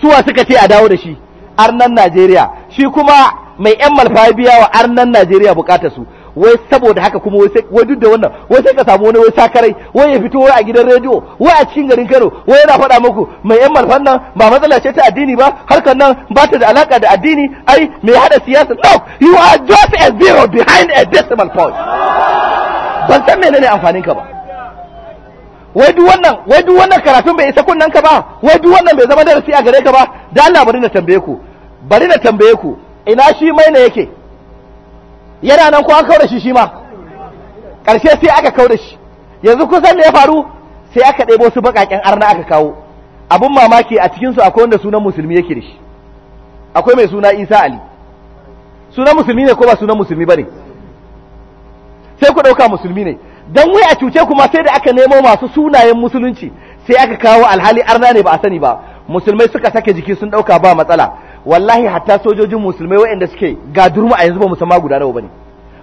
suwa suka ce a dawo da shi arnan najeriya shi kuma mai yan malfa biya wa arnan najeriya bukatar su wai saboda haka kuma wai duk da wannan wai sai ka samu wani wai sakarai wai ya fito wai a gidan rediyo wai a cikin garin Kano wai yana faɗa muku mai yan malfan nan ba matsala ce ta addini ba harkar nan ba ta da alaka da addini ai mai hada siyasa no you are just a zero behind a decimal point ban san menene amfanin ka ba wai duk wannan wai duk wannan karatun bai isa kunnen ka ba wai duk wannan bai zama darasi a gare ka ba da Allah bari na tambaye ku bari na tambaye ku ina shi mai ne yake yana nan ko an kaura shi shi ma karshe sai aka kaura shi yanzu kusan da ya faru sai aka ɗebo su bakaken arna aka kawo abun mamaki a cikinsu akwai wanda sunan musulmi yake da shi akwai mai suna isa ali sunan musulmi ne ko ba sunan musulmi ba ne sai ku ɗauka musulmi ne don wai a cuce kuma sai da aka nemo masu sunayen musulunci sai aka kawo alhali arna ne ba a sani ba musulmai suka sake jiki sun dauka ba matsala wallahi hatta sojojin musulmai waɗanda suke gadurma a yanzu ba musamman guda nawa bane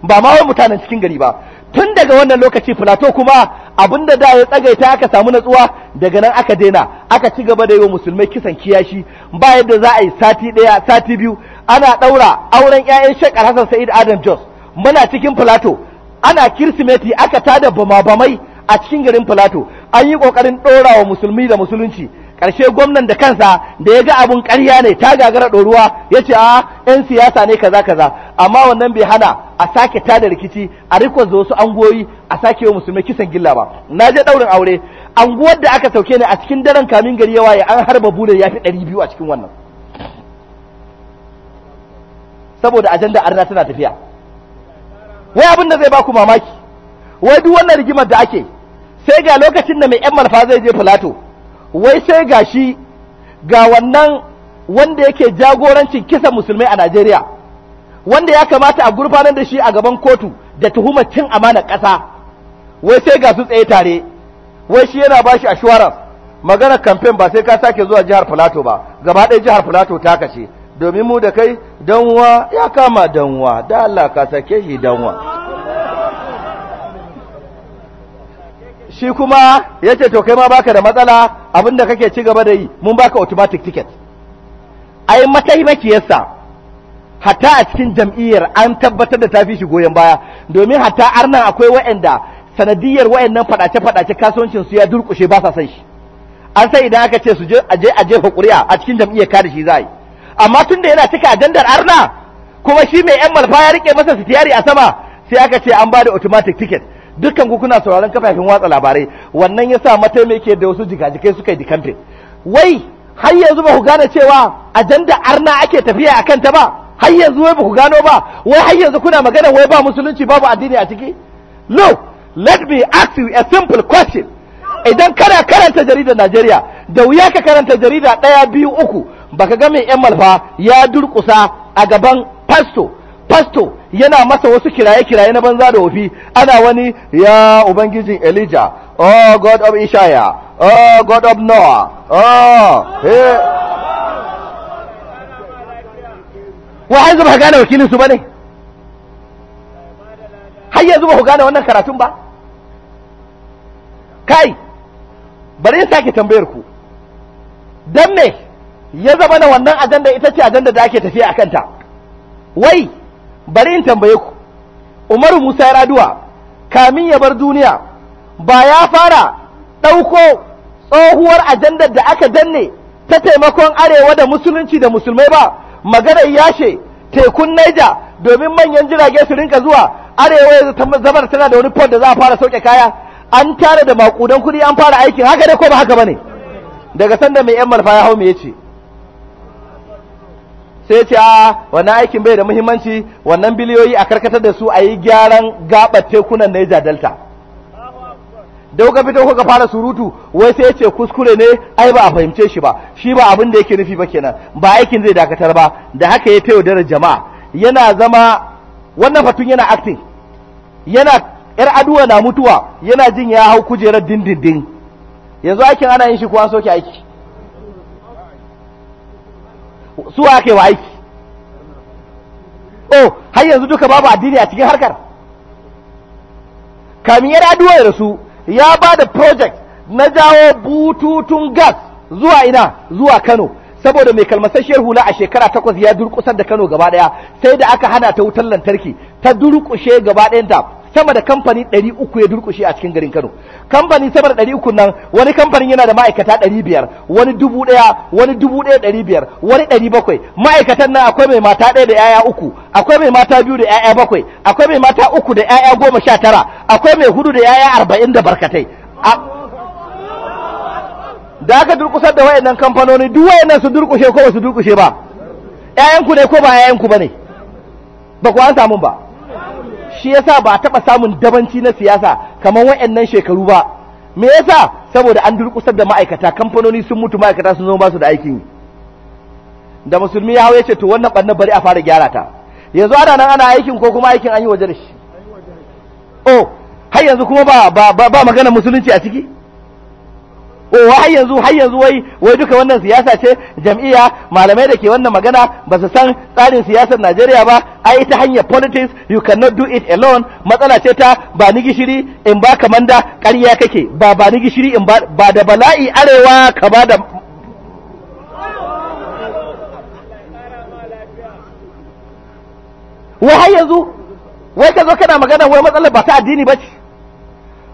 ba ma wai mutanen cikin gari ba tun daga wannan lokaci filato kuma abinda da ya tsagaita aka samu natsuwa daga nan aka daina aka ci gaba da yi wa musulmai kisan kiyashi ba yadda za a yi sati ɗaya sati biyu ana ɗaura auren 'ya'yan shekar hassan sa'id adam jos muna cikin filato ana kirsimeti aka tada bama-bamai a cikin garin filato an yi ƙoƙarin ɗora wa musulmi da musulunci ƙarshe gwamnan da kansa da ya ga abin ƙarya ne ta gagara ɗoruwa ya ce a 'yan siyasa ne kaza kaza amma wannan bai hana a sake tada rikici a rikon da wasu angoyi a sake wa musulmi kisan gilla ba na je ɗaurin aure anguwar da aka sauke ne a cikin daren kamin gari ya waye an harba bulan ya fi ɗari biyu a cikin wannan saboda ajanda arna tana tafiya wai abin da zai ba ku mamaki wai duk wannan rigimar da ake sai ga lokacin da mai yan malfa zai je filato wai sai ga shi ga wannan wanda yake jagorancin kisan musulmai a Najeriya wanda ya kamata a gurfanar da shi a gaban kotu da tuhumar cin amana ƙasa wai sai ga su tsaye tare wai shi yana bashi assurance maganar kamfen ba sai ka sake zuwa jihar Filato ba gaba ɗaya jihar Filato ta kace domin mu da kai danwa ya kama danwa da Allah ka sake shi danwa shi kuma ya to kai ma baka da matsala abinda kake ci gaba da yi mun baka automatic ticket ai mataimakiyarsa hatta a cikin jam'iyyar an tabbatar da tafi shi goyon baya domin hatta arnan akwai waɗanda sanadiyar waɗannan fadace-fadace kasuwancin su ya durkushe ba sa san shi an sai idan aka ce su je a jefa ƙuri'a a cikin jam'iyyar ka da shi za yi amma tun da yana cika ajandar arna kuma shi mai yan malfa ya rike masa sitiyari a sama sai aka ce an bada automatic ticket dukkan ku kuna sauraron kafafen watsa labarai wannan yasa ke da wasu jigajikai suka yi dikante wai har yanzu ba ku gane cewa ajandar arna ake tafiya akan ta ba har yanzu wai ba ku gano ba wai har yanzu kuna magana wai ba musulunci babu addini a ciki look let me ask you a simple question idan kana karanta jaridar Najeriya da wuya ka karanta jarida ɗaya biyu uku baka ga mai yan malfa ya durkusa a gaban pasto, pasto yana masa wasu kiraye-kiraye na banza da wofi ana wani ya ubangijin Elijah oh god of Ishaya oh god of Noah oh hey. wa yanzu gane wakilin su bane har yanzu ba ku gane wannan karatun ba kai bari in sake tambayar ku dan me ya zama na wannan ajanda ita ce ajanda da ake tafiya a kanta wai bari in tambaye ku umaru musa raduwa kamin ya bar duniya ba ya fara ɗauko tsohuwar ajandar da aka danne ta taimakon arewa da musulunci da musulmai ba maganar yashe tekun naija domin manyan jirage su rinka zuwa arewa ya zama tana da wani fon da za a fara sauke kaya an tare da makudan kuɗi an fara aikin haka dai ko ba haka bane daga sanda mai yan malfa ya hau me yace sai ya ce a wannan aikin bai da muhimmanci wannan biliyoyi a karkatar da su a yi gyaran gabar tekunan Niger Delta da kuka fito kuka fara surutu wai sai ya ce kuskure ne ai ba a fahimce shi ba shi ba abin da yake nufi ba kenan ba aikin zai dakatar ba da haka ya tayo da jama'a yana zama wannan fatun yana acting yana yar aduwa na mutuwa yana jin ya hau kujerar dindindin yanzu aikin ana yin shi kuwa soke aiki su ake wa aiki oh har yanzu duka babu addini a cikin harkar kamin yar aduwa ya rasu ya ba da project na jawo bututun gas zuwa ina zuwa kano saboda mai shehu hula a shekara takwas ya durkusar da kano gaba daya sai da aka hana ta wutar lantarki ta durkushe gaba sama da kamfani 300 ya durkushe a cikin garin Kano kamfani sama da 300 nan wani kamfani yana da ma'aikata 500 wani 1000 wani 1500 wani 700 ma'aikatan nan akwai mai mata ɗaya da yaya uku akwai mai mata biyu da yaya bakwai akwai mai mata uku da yaya goma sha tara akwai mai hudu da yaya arba'in da barkatai da aka durkusar da wayannan kamfanoni duk wayannan su durkushe ko ba su durkushe ba ƴaƴanku ne ko ba ƴaƴanku ba ne ba ku an samu ba shi yasa ba taɓa samun dabanci na siyasa kamar nan shekaru ba me yasa saboda an durƙusar da ma'aikata kamfanoni sun mutu ma'aikata sun zama ba su da aikin da musulmi ya hau ya ce to wannan ɓarnar bari a fara gyara ta yanzu ana nan ana aikin ko kuma aikin an yi waje da shi oh har yanzu kuma ba ba ba maganar musulunci a ciki wa oh, har yanzu har yanzu wai wai duka wannan siyasa ce jam'iyya malamai da ke wannan magana ba su san tsarin siyasar Najeriya ba ai ta hanyar politics you cannot do it alone matsala ce ta ba ni gishiri in ba kamanda ƙarya kake ba ba ni gishiri in ba ba da bala'i arewa ka ba da wa har yanzu wai ka zo kana magana wai matsalar ba ta addini ba ce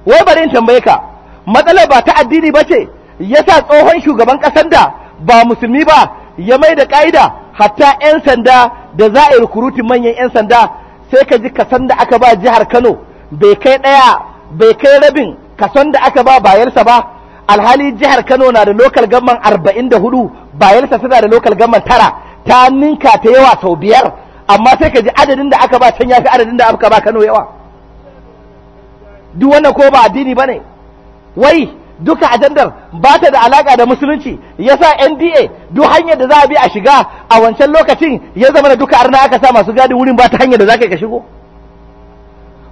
wai bari in tambaye ka matsalar ba ta addini ba ce ya sa tsohon shugaban ƙasar da ba musulmi ba ya mai da ƙa'ida hatta 'yan sanda da za a yi manyan 'yan sanda sai ka ji kasan da aka ba jihar kano bai kai ɗaya bai kai rabin kasan da aka ba bayarsa ba alhali jihar kano na da lokal gamman arba'in da hudu bayarsa suna da lokal gamman tara ta ninka ta yawa sau biyar amma sai ka ji adadin da aka ba can ya fi adadin da aka ba kano yawa duk wannan ko ba addini ba ne wai duka ajandar ba ta da alaka da musulunci yasa NDA duk hanyar da za a bi a shiga a wancan lokacin ya zama da duka arna aka sa masu gadi wurin ba ta hanyar da za ka shigo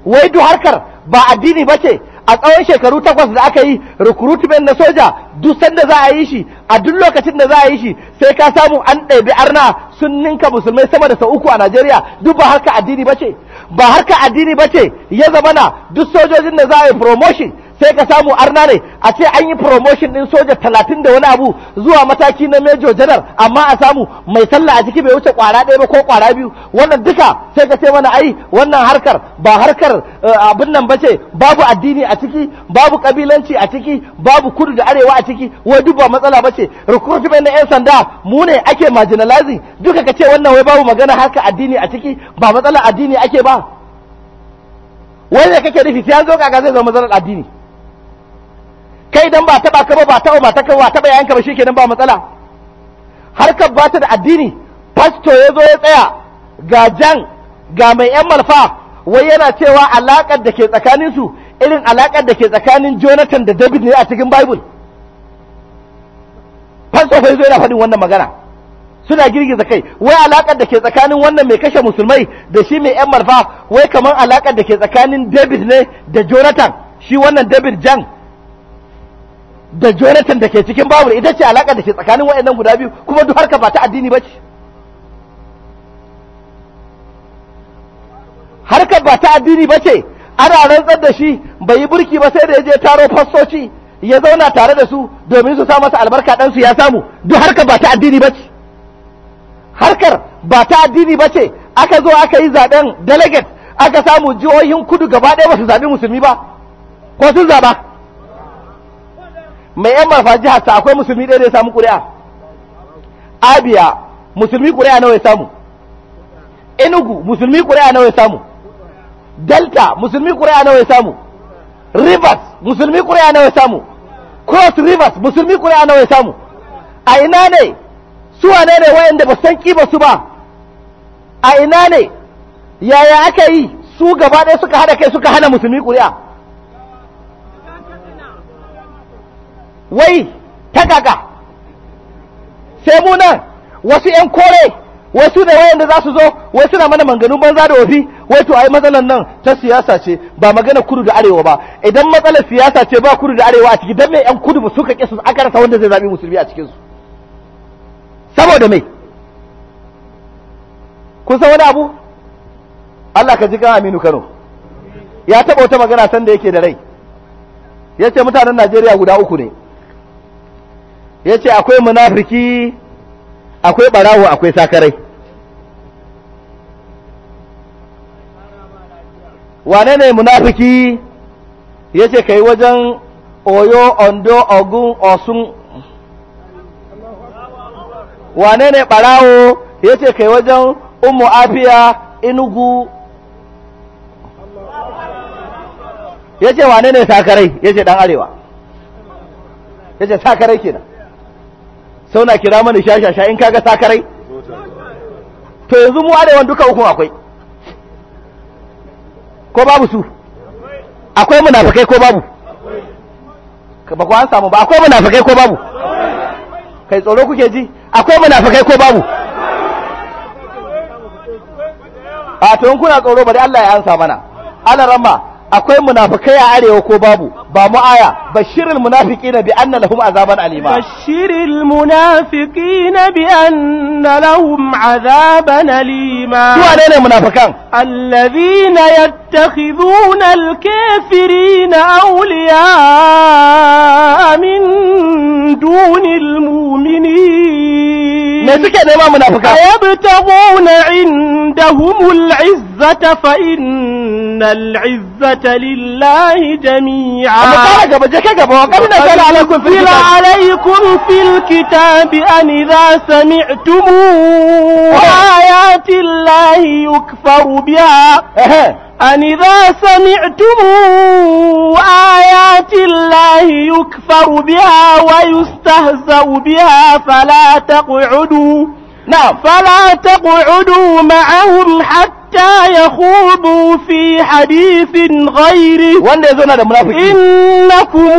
wai duk harkar ba addini ba ce a tsawon shekaru takwas da aka yi recruitment na soja duk sanda za a yi shi a duk lokacin da za a yi shi sai ka samu an ɗabi arna sun ninka musulmai sama da sau uku a Najeriya duk ba harka addini ba ce ba harka addini ba ce ya zama na duk sojojin da za a yi promotion sai ka samu arna ne a ce an yi promotion din soja talatin da wani abu zuwa mataki na major general amma a samu mai sallah a ciki bai wuce kwara ɗaya ba ko kwara biyu wannan duka sai ka ce mana ai wannan harkar ba harkar eh, abin nan ba ce babu addini a ciki babu kabilanci a ciki babu kudu da arewa a ciki wai duk ba matsala ba ce recruitment na yan sanda mu ne ake marginalizing duka ka ce wannan wai babu magana haka addini a ciki ba matsalar addini ake ba wai da kake nufi sai an zo kaga zai zama matsalar addini kai dan ba taba ka ba ba taba mataka ba taba yayanka ba shikenan ba matsala harkar ba ta da addini pasto ya zo ya tsaya ga jan ga mai yan malfa wai yana cewa alakar da ke tsakanin irin alakar da ke tsakanin Jonathan da David ne a cikin Bible pasto fa zo yana faɗin wannan magana suna girgiza kai wai alakar da ke tsakanin wannan mai kashe musulmai da shi mai yan marfa wai kamar alakar da ke tsakanin david ne da jonathan shi wannan david jan da jonathan da ke cikin babur ita ce alakar da ke tsakanin waɗannan guda biyu kuma duk harka ba ta addini ba ce harkar ba ta addini ba ce ana rantsar da shi bai yi burki ba sai da ya je taro fassoci ya zauna tare da su domin su sa masa albarka ɗansu ya samu duk harka ba ta addini ba ce harkar ba ta addini ba ce aka zo aka yi zaben delegate aka samu jihohin kudu gaba ɗaya ba su zaɓi musulmi ba ko sun zaɓa mai yan marfa jihar ta akwai musulmi ɗaya da ya samu ƙuri'a abia musulmi ƙuri'a nawa ya samu enugu musulmi ƙuri'a nawa ya samu delta musulmi ƙuri'a nawa ya samu rivers musulmi ƙuri'a nawa ya samu cross rivers musulmi ƙuri'a nawa ya samu a ina ne su wane ne wayanda ba san ba su ba a ina ne yaya aka yi su gaba ɗaya suka hada kai suka hana musulmi ƙuri'a wai ta kaka sai mu wasu ƴan kore wai ne wayanda za su zo wai suna mana manganun banza da wafi wai to ai matsalar nan ta siyasa ce ba magana kudu da arewa ba idan matsalar siyasa ce ba kudu da arewa a ciki dan me ƴan kudu ba suka kisa aka rasa wanda zai zabi musulmi a cikinsu? saboda mai kun san wani abu Allah ka ji kan Aminu Kano ya taɓa wata magana sanda yake da rai ya ce mutanen Najeriya guda uku ne ya ce akwai munafiki akwai barawo akwai sakarai wane ne munafiki ya ce ka yi wajen oyo ondo ogun osun wane ne ɓarawo ya ce kai wajen umu afiya inugu ya ce wane ne sakarai ya ce ɗan arewa ya ce sakarai kenan sau na kira sha shashasha in kaga sakarai to yanzu mu arewan duka uku akwai ko babu su akwai munafakai ko babu ba ku an samu ba akwai munafakai ko babu kai tsoro kuke ji akwai munafikai ko babu a to in kuna tsoro bari Allah ya ansa mana ala ramma akwai munafikai a arewa ko babu ba mu aya bashirul munafiqina bi anna lahum azaban alima bashirul munafiqina bi anna lahum azaban alima su ne munafikan allazina yat يتخذون الكافرين أولياء من دون المؤمنين أيبتغون عندهم العزة فإن العزة لله جميعا وقفنا عليكم في الكتاب أن إذا سمعتموا آيات الله يكفر بها أن إذا سمعتم آيات الله يكفر بها ويستهزأ بها فلا تقعدوا نعم فلا تقعدوا معهم حتى hatta ya hudu fi hadithin ghairi wanda ya zo na da munafiki innakum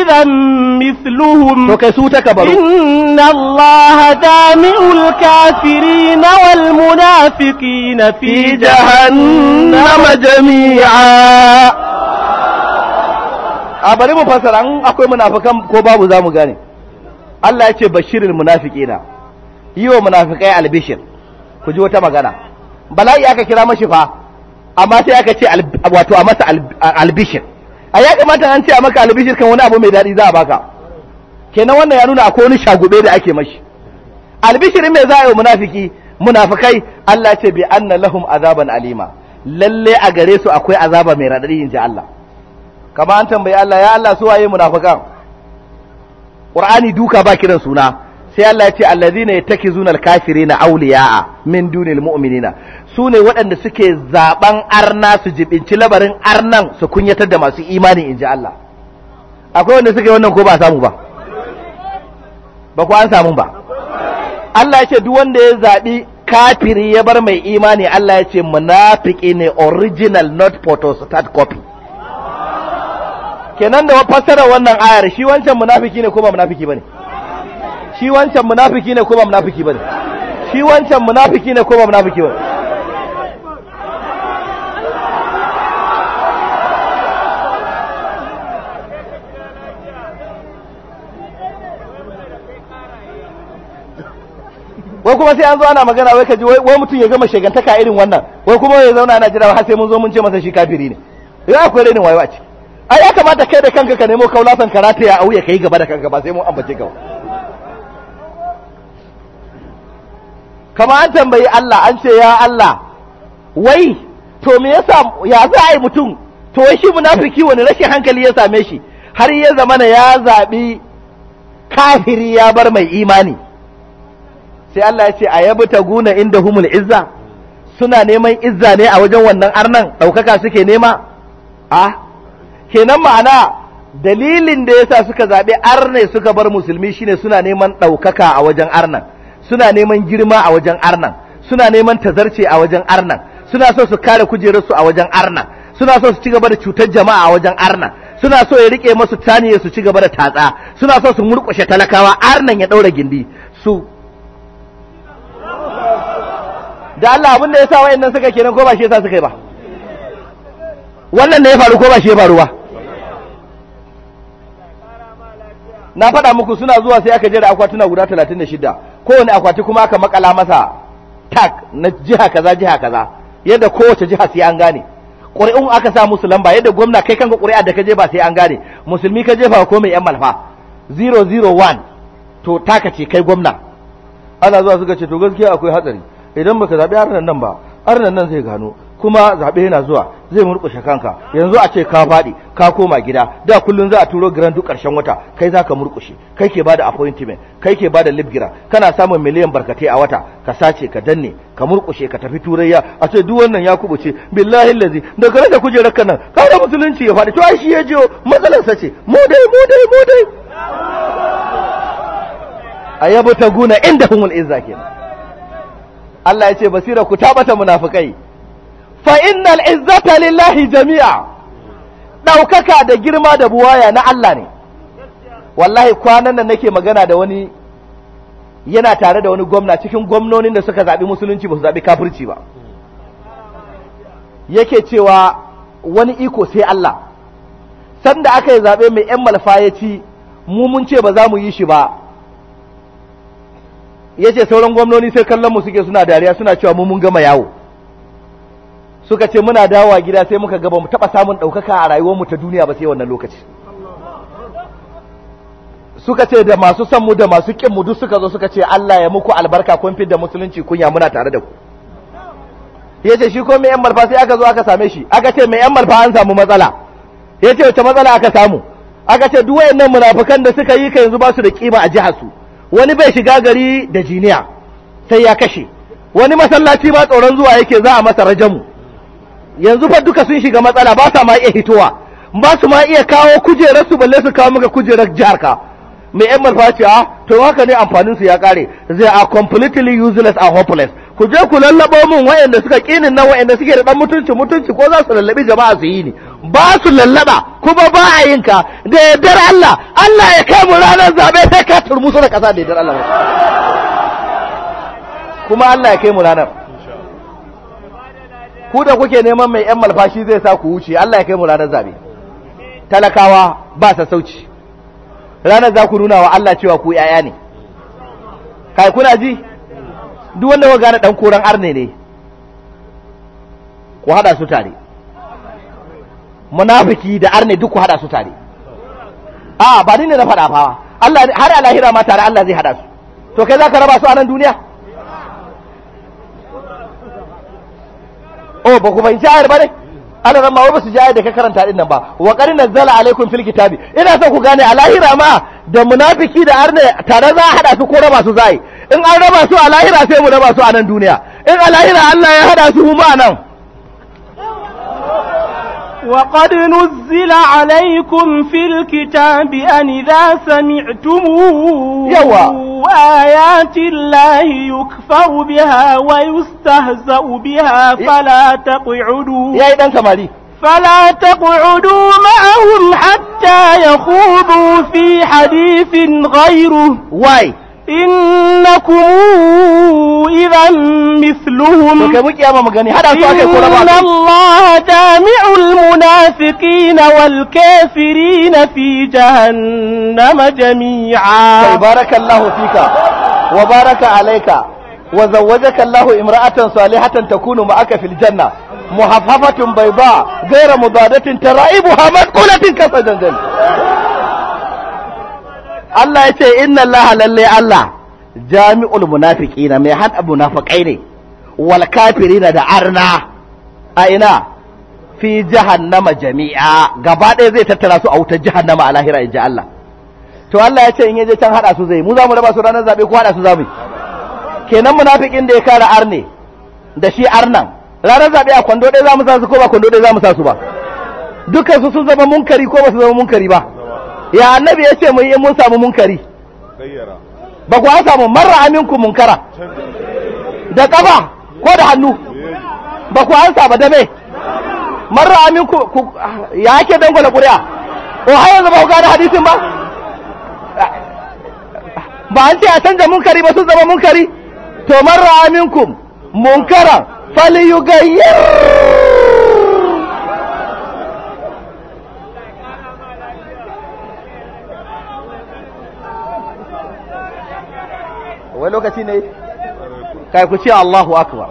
idan mithluhum to kai su ta kabaru inna allah jami'ul kafirin wal munafiqin fi jahannam jami'a a bari mu fasara an akwai munafikan ko babu za mu gane Allah ya ce bashirin munafiki yiwa yi wa albishir ku ji wata magana bala'i aka kira mashi fa amma sai aka ce wato a masa albishir a ya kamata an ce a maka albishir kan wani abu mai daɗi za a baka kenan wannan ya nuna akwai wani shagube da ake mashi albishirin mai za a yi munafiki munafikai Allah ce bi anna lahum azaban alima lalle a gare su akwai azaba mai raɗaɗi in ji Allah kama an tambayi Allah ya Allah su waye munafikan Qur'ani duka ba kiran suna sai Allah ya ce allazina yatakizuna alkafirina awliya'a min dunil mu'minina su ne waɗanda suke zaban arna su jibinci labarin arnan su kunyatar da masu imani ji Allah akwai wanda suke wannan ko ba samu ba ba ku an samu ba Allah ya ce duk wanda ya zaɓi kafiri ya bar mai imani Allah ya ce munafiki ne original not photo start copy kenan da fassara wannan ayar shi wancan munafiki ne ko ba munafiki bane shi wancan munafiki ne ko ba munafiki bane shi wancan munafiki ne ko ba munafiki bane wai kuma sai an zo ana magana wai kaji wai mutum ya gama shegantaka irin wannan wai kuma ya zauna ana jira har sai mun zo mun ce masa shi kafiri ne yau akwai renin wayo a ciki ai ya kamata kai da kanka ka nemo kaulasan karate ya auye kai gaba da kanka ba sai mun ambace ka ba kama an tambayi Allah an ce ya Allah wai to me yasa ya za a yi mutum to wai shi munafiki wani rashin hankali ya same shi har ya zama na ya zaɓi kafiri ya bar mai imani sai Allah ya ce a yabi ta guna inda humul izza suna neman izza ne a wajen wannan arnan ɗaukaka suke nema a kenan ma'ana dalilin da yasa suka zaɓi arne suka bar musulmi shine suna neman ɗaukaka a wajen arnan suna neman girma a wajen arnan suna neman tazarce a wajen arnan suna so su kare kujerarsu a wajen arnan suna so su ci gaba da cutar jama'a a wajen arnan suna so ya rike masu taniye su ci gaba da tatsa suna so su murƙushe talakawa arnan ya ɗaura gindi su da Allah abin da ya sa wa'annan suka kenan ko ba shi yasa suka yi ba wannan ne ya faru ko ba shi ya faru ba na faɗa muku suna zuwa sai aka jera akwatuna guda 36 kowane akwati kuma aka makala masa tak na jiha kaza jiha kaza yadda kowace jiha sai an gane ƙuri'un aka sa musu lamba yadda gwamna kai kanka ƙuri'a da ka ba sai an gane musulmi ka jefa ko mai yan malfa 001 to taka ce kai gwamna ana zuwa suka ce to gaskiya akwai hatsari idan baka zabi harnan nan ba harnan nan zai gano kuma zaɓe yana zuwa zai murƙushe kanka yanzu a ce ka faɗi ka koma gida da kullum za a turo giran duk ƙarshen wata kai za ka murƙushe kai ke bada appointment kai ke bada libgira kana samun miliyan barkatai a wata ka sace ka danne ka murƙushe ka tafi turayya a ce duk wannan ya kubuce billahi lazi daga da kujerar ka nan ka da musulunci ya faɗi to ai shi ya jiyo matsalar sa ce mu dai mu dai mu dai yabo ta guna inda humul izza Allah ya ce basira ku tabata munafikai fa inna al’izzata lillahi jami'a ɗaukaka da girma da buwaya na Allah ne wallahi kwanan nan nake magana da wani yana tare da wani gwamna cikin gwamnonin da suka zaɓi musulunci ba su zaɓi kafirci ba yake cewa wani iko sai Allah sanda aka yi zaɓe mai ‘yan malfa ya ci mu mun ce ba za mu yi shi ba ya ce sauran gwamnoni sai kallon mu suke suna dariya suna cewa mu mun gama yawo suka ce muna dawowa gida sai muka gaba mu taba samun daukaka a rayuwar mu ta duniya ba sai wannan lokaci suka ce da masu san mu da masu kin mu duk suka zo suka ce Allah ya muku albarka kun fi da musulunci kunya muna tare da ku yace shi ko mai yan marfa sai aka zo aka same shi aka ce mai yan marfa an samu matsala yace wata matsala aka samu aka ce duk wayannan munafukan da suka yi ka yanzu ba su da kima a jihar su wani bai shiga gari da jiniya sai ya kashe wani masallaci ba tsoron zuwa yake za a masa rajamu yanzu fa duka sun shiga matsala ba sa ma iya hitowa ba su ma iya kawo kujerar su balle su kawo maka kujerar jihar ka mai yan malfaci a ah, to haka ne amfanin su ya kare they are completely useless and hopeless ku je ku lallabo min wayanda suka kinin nan wayanda suke da dan mutunci mutunci ko za su lallabi jama'a su yi ni ba su lallaba kuma ba a yin ka da yardar Allah Allah ya kai mu ranar zabe sai ka turmusu da kasa da yardar Allah kuma Allah ya kai mu ranar ku da kuke neman mai yan malfashi zai sa ku wuce Allah ya kai mu ranar zabe talakawa ba sauci. ranar za ku nuna wa Allah cewa ku yaya ne kai kuna ji duk wanda wa gane dan koran arne ne ku hada su tare munafiki da arne duk ku hada su tare a ba ni ne na fada fa Allah har a ma tare Allah zai hada su to kai zaka raba su a nan duniya oh ba ku fahimci ayar ba ne ana ran ma wa su ji da ka karanta din nan ba wa qad nazzala alaikum fil kitabi ina so ku gane alahira ma da munafiki da arne tare za a hada su ko raba su zai in an raba su a lahira sai mu raba su a nan duniya in a lahira Allah ya hada su mu ma nan وقد نزل عليكم في الكتاب أن إذا سمعتم يوا آيات الله يكفر بها ويستهزأ بها فلا تقعدوا يا إذن كمالي فلا تقعدوا معهم حتى يخوضوا في حديث غيره واي إنكم إذا مثلهم إن الله جامع المنافقين والكافرين في جهنم جميعا طيب، بارك الله فيك وبارك عليك وزوجك الله امرأة صالحة تكون معك في الجنة محففة بيضاء غير مضادة ترائبها مدقولة كفزنزل Allah ya ce inna Allah lalle Allah jami'ul munafiqina mai hada munafiqai ne wal kafirina da arna a ina fi jahannama jami'a gaba ɗaya zai tattara su a wutar jahannama a lahira inji Allah to Allah ya ce in yaje can hada su zai mu za mu raba su ranar zabe ko hada su zamu kenan munafikin da ya kare arne da shi arnan ranar zabe a kwando ɗaya za mu sa su ko ba kwando ɗaya za mu sa su ba dukkan su sun zama munkari ko ba su zama munkari ba ya annabi ya ce mun mun samu munkari ba ku samu marra aminku munkara da kafa ko da hannu ba ku an saba da me marra aminku ya ake dangwala ƙuri'a o oh, har yanzu ba ku gane hadisin ba ba an ce a canza munkari ba sun zama munkari to marra fali munkaran falyughayyir wai lokaci ne kai ku ce Allahu akbar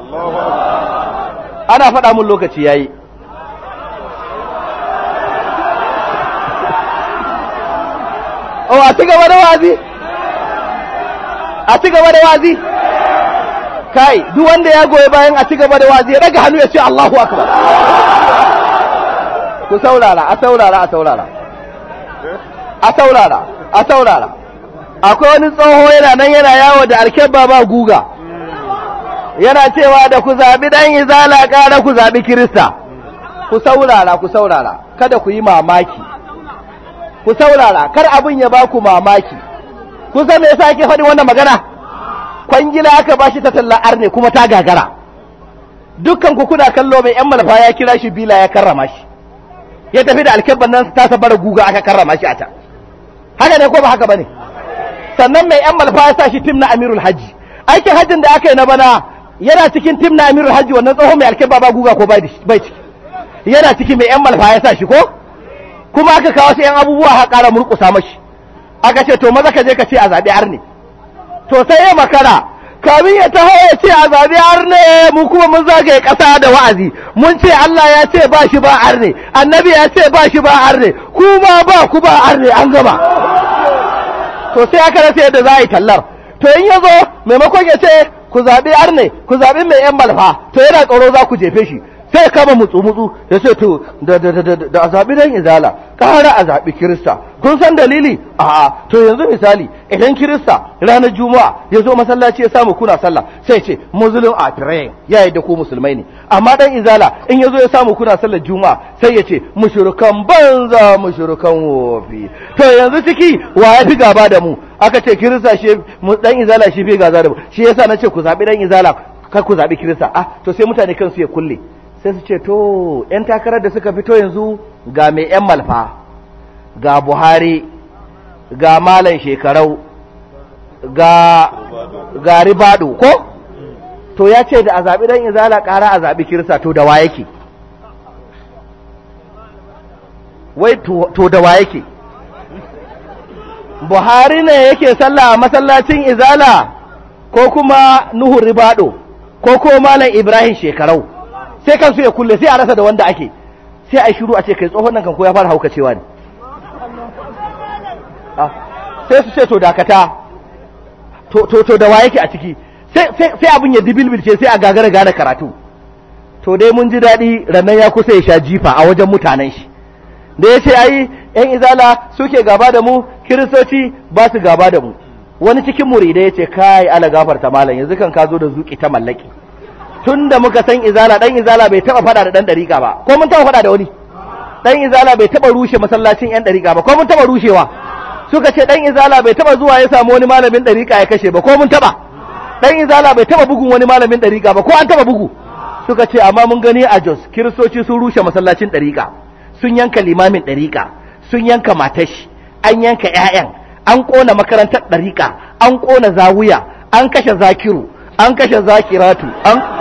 ana faɗa mun lokaci yayi oh a tiga wani da wazi a tiga wani wazi kai duk wanda ya goyi bayan a tiga wani da wazi ya daga hannu ya ce Allahu akbar ku saurara a saurara a saurara a saurara a saurara akwai wani tsoho yana nan yana yawo da alkebba ba guga yana cewa da ku zaɓi ɗan izala ƙara ku zaɓi kirista ku saurara ku saurara kada ku yi mamaki ku saurara kar abin ya ba ku mamaki ku san me yasa ake magana kwangila aka ba shi ta tallar ne kuma ta gagara dukkan ku kuna kallo mai yan malfa ya kira shi bila ya karrama shi ya tafi da alkebban nan ta sabara guga aka karrama shi a ta haka ne ko ba haka ba ne? sannan mai yan malfa ya sa shi tim amirul hajji aikin hajjin da aka yi na bana yana cikin tim na amirul hajji wannan tsohon mai alkin baba guga ko bai ciki yana ciki mai yan malfa ya sa shi ko kuma aka kawo su yan abubuwa ha ƙara murƙusa mashi aka ce to maza ka je ka ce a zaɓi arne to sai ya makara kamin ya taho ya ce a zaɓi arne mu kuma mun zagaye kasa da wa'azi mun ce Allah ya ce ba shi ba arne annabi ya ce ba shi ba arne kuma ba ku ba arne an gama to sai aka rasa yadda za a yi tallar to in ya zo maimakon ya ce ku zaɓi arne ku zaɓi mai yan malfa to yana tsoro za ku jefe shi sai kama mutsu mutsu ya ce to da da da a zaɓi dan izala ƙara a zaɓi kirista kun san dalili a'a to yanzu misali idan kirista ranar juma'a ya zo masallaci ya samu kuna sallah sai ce muslim a ya yi da ku musulmai ne amma dan izala in ya zo ya samu kuna sallar juma'a sai ya ce mushrikan banza mushrikan wofi to yanzu ciki wa ya fi gaba da mu aka ce kirista shi dan izala shi fi gaza da mu shi yasa na ce ku zaɓi dan izala kar ku zaɓi kirista ah to sai mutane kansu ya kulle sai su ce to 'yan takarar da suka fito yanzu ga mai 'yan malfa ga buhari ga malan shekarau ga ga ribado ko to ya ce da a zaɓi don izala ƙara a zaɓi kirsa to da wa yake wai to da wa yake buhari ne yake sallah a masallacin izala ko kuma nuhu ribado ko ko malam ibrahim shekarau sai kansu ya kulle sai a rasa da wanda ake sai a yi shiru a ce kai tsohon nan kan ko ya fara haukacewa ne ah, sai su ce to dakata to to da wa yake a ciki sai abin ya dibilbilce sai a gagara gane karatu to dai mun ji daɗi rannan ya kusa ya sha jifa a wajen mutanen shi da ya ce ayi yan izala suke gaba da mu kiristoci ba su gaba da mu wani cikin muridai ya ce kai ala gafarta malam yanzu kan ka zo da zuƙi ta mallaki tun da muka san izala dan izala bai taba fada da dan dariƙa ba ko mun taba fada da wani dan izala bai taba rushe masallacin yan dariƙa ba ko mun taba rushewa suka ce dan izala bai taba zuwa ya samu wani malamin dariƙa ya kashe ba ko mun taba dan izala bai taba bugun wani malamin dariƙa ba ko an taba bugu suka ce amma mun gani a Jos kiristoci sun rushe masallacin dariƙa sun yanka limamin dariƙa sun yanka matashi an yanka ƴaƴan an kona makarantar dariƙa an kona zawuya an kashe zakiru an kashe zakiratu an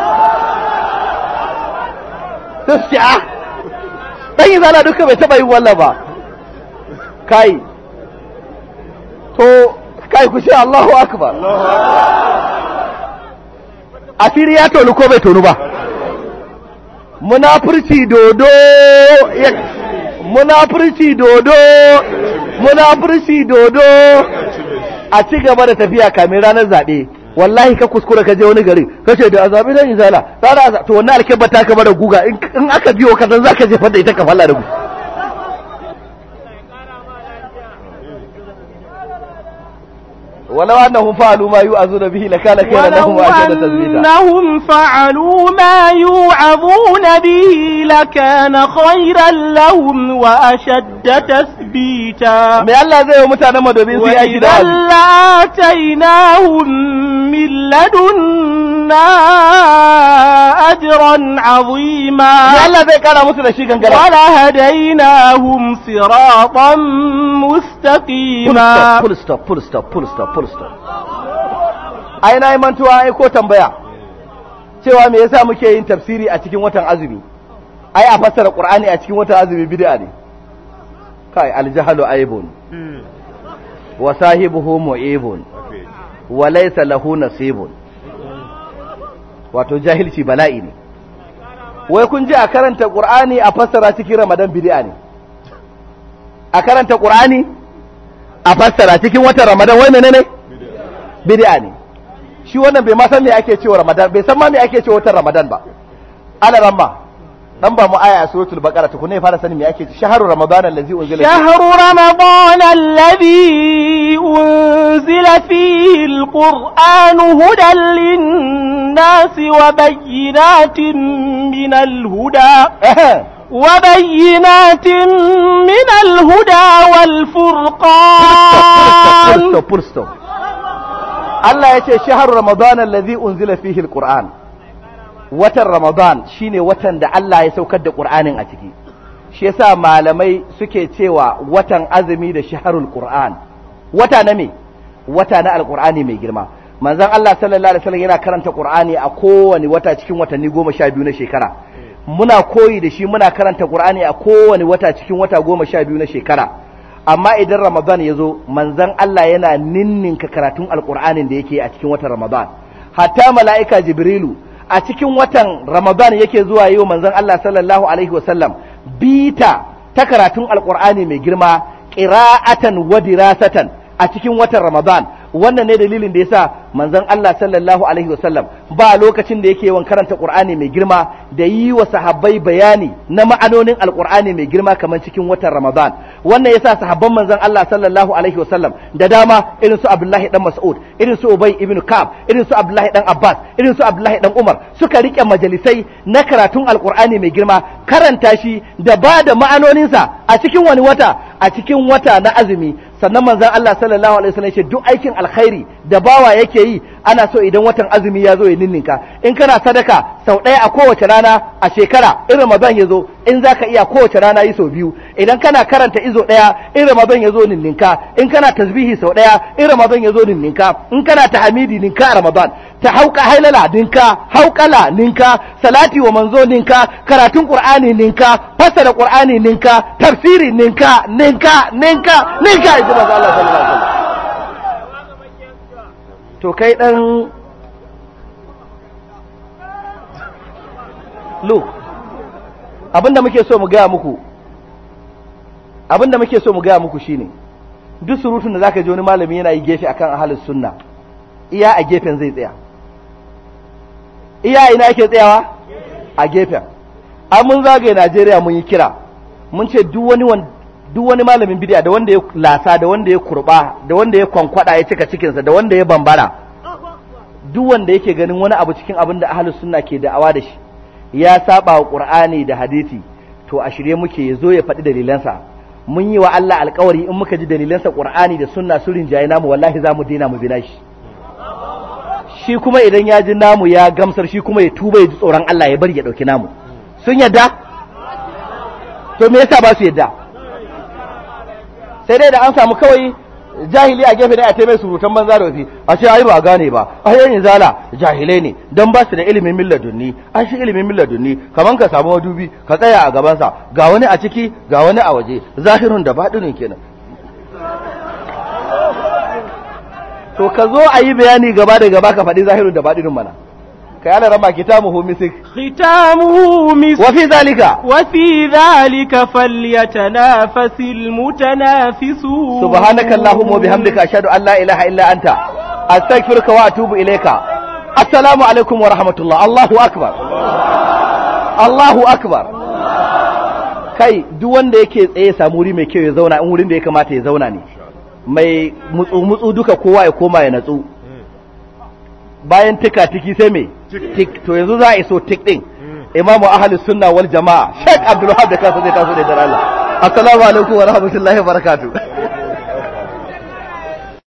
gaskiya dan yi zala duka bai taba yin walla ba kai to kai ku ce Allahu akbar asiri ya tonu ko bai tonu ba munafurci dodo munafurci dodo munafurci dodo a ci gaba da tafiya kamin ranar zaɓe wallahi ka kuskura ka je wani gari ka ce da azabi zan izala tsara to wannan alkebba ta ka da guga in aka biyo ka dan zaka je da ita ka falla da guga ولو أنهم فعلوا ما يوعظون به لكان خيرا لهم وأشد تثبيتا ولو أنهم فعلوا ما يوعظون به لكان خيرا لهم وأشد تثبيتا من الله زي ومتانا مدوبين سي أي جدا لآتيناهم من لدنا أجرا عظيما من الله زي كان مسلا شيكا ولهديناهم صراطا مستقيما stop full stop full stop full ai na yi mantuwa ai ko tambaya cewa me yasa muke yin tafsiri a cikin watan azumi ai a fassara qur'ani a cikin watan azumi bid'a ne kai aljahalu aibun wa sahibuhu mu'ibun wa laysa lahu nasibun wato jahilci bala'i ne wai kun ji a karanta qur'ani a fassara cikin ramadan bid'a ne a karanta qur'ani a fassara cikin watan ramadan wai menene bid'a ne shi wannan bai ma san me ake cewa ramadan bai san ma me ake cewa watan ramadan ba ala ramma dan ba mu aya a suratul baqara ta kunne fara sanin me ake ce shahru ramadan allazi unzila shahru ramadan allazi unzila fihi alquran hudan nasi wa bayyinatin minal huda وبينات من الهدى والفرقان Allah ya ce shahar Ramadan allazi unzila watan Ramadan shine watan da Allah ya saukar da Qur'anin a ciki shi yasa malamai suke cewa watan azumi da shaharul Qur'an wata na me wata na alqur'ani mai girma manzon Allah sallallahu alaihi wasallam yana karanta Qur'ani a kowane wata cikin watanni sha biyu na shekara muna koyi da shi muna karanta Qur'ani a kowane wata cikin wata goma sha biyu na shekara amma idan Ramadan ya zo manzon Allah yana ninninka karatun Alƙur'anin da yake a cikin watan Ramadan hatta mala'ika Jibrilu a cikin watan Ramadan yake zuwa yi wa manzon Allah sallallahu alaihi wasallam bita ta karatun Alƙur'ani mai girma qira'atan wa dirasatan a cikin watan Ramadan wannan ne dalilin da yasa manzon Allah sallallahu alaihi wasallam ba lokacin da yake yawan karanta Qur'ani mai girma da yi wa sahabbai bayani na ma'anonin al-qur'ani mai girma kamar cikin watan Ramadan wannan yasa sahabban manzon Allah sallallahu alaihi wasallam da dama irin su Abdullahi dan Mas'ud irin su Ubay ibn Ka'b irin su Abdullahi dan Abbas irin su Abdullahi dan Umar suka rike majalisai na karatun Al-Qur'ani mai girma karanta shi da ba da ma'anoninsa a cikin wani wata a cikin wata na azumi sannan manzon Allah sallallahu alaihi wasallam ya ce duk aikin alkhairi da bawa yake yi ana so idan watan azumi ya zo ya ninninka in kana sadaka sau ɗaya a kowace rana a shekara in ramadan ya zo in za ka iya kowace rana yi sau biyu idan kana karanta izo ɗaya in ramadan ya zo ninninka in kana tasbihi sau ɗaya in ramadan ya zo ninninka in kana ta hamidi ninka a ramadan ta hauka hailala ninka haukala ninka salati wa manzo ninka karatun qur'ani ninka fasara qur'ani ninka tafsiri ninka ninka ninka ninka Allah sallallahu alaihi wasallam to kai dan lu abinda muke so mu gaya muku abinda muke so mu gaya muku shine duk surutun da zaka ji wani malami yana yi gefe akan ahlus sunna iya a gefen zai tsaya iya ina yake tsayawa a gefen an mun zagaye Najeriya mun yi kira mun ce duk wani duk wani malamin bid'a da wanda ya lasa da wanda ya kurba da wanda ya kwankwada ya cika cikinsa da wanda ya bambara duk wanda yake ganin wani abu cikin abin da ahlus sunna ke da'awa da shi ya saba wa qur'ani da hadisi to a shirye muke ya zo ya faɗi dalilansa mun yi wa Allah alƙawari in muka ji dalilansa qur'ani da sunna su rinjaye namu wallahi za mu daina mu bina shi shi kuma idan ya ji namu ya gamsar shi kuma ya tuba ya ji tsoron Allah ya bari ya ɗauki namu sun yadda to me yasa ba su yadda sai dai da an samu kawai jahili a gefe ne a taimai surutan banza da wafi a ce ayi ba gane ba ai yan zala jahilai ne don ba su da ilimin milladunni ai shi ilimin milladunni kaman ka samu madubi ka tsaya a gabansa ga wani a ciki ga wani a waje zahirun da baɗinin kenan to ka zo a yi bayani gaba da gaba ka faɗi zahirun da baɗinin mana kai ala rama kitamuhu misik khitamuhu misik wa fi zalika wa fi zalika falyatanafasil mutanafisu subhanaka allahumma bihamdika ashhadu an la ilaha illa anta astaghfiruka wa atubu ilayka assalamu alaikum wa rahmatullah allahu akbar allahu akbar kai duk wanda yake tsaye samu wuri mai kyau ya zauna in wurin da ya kamata ya zauna ne mai mutsu mutsu duka kowa ya koma ya natsu bayan tika tiki sai me tik to yanzu za a iso tik din hmm. imamu ahlus sunna wal jamaa sheikh abdul wahab da kansa zai taso da daren Allah assalamu alaikum wa rahmatullahi wa barakatuh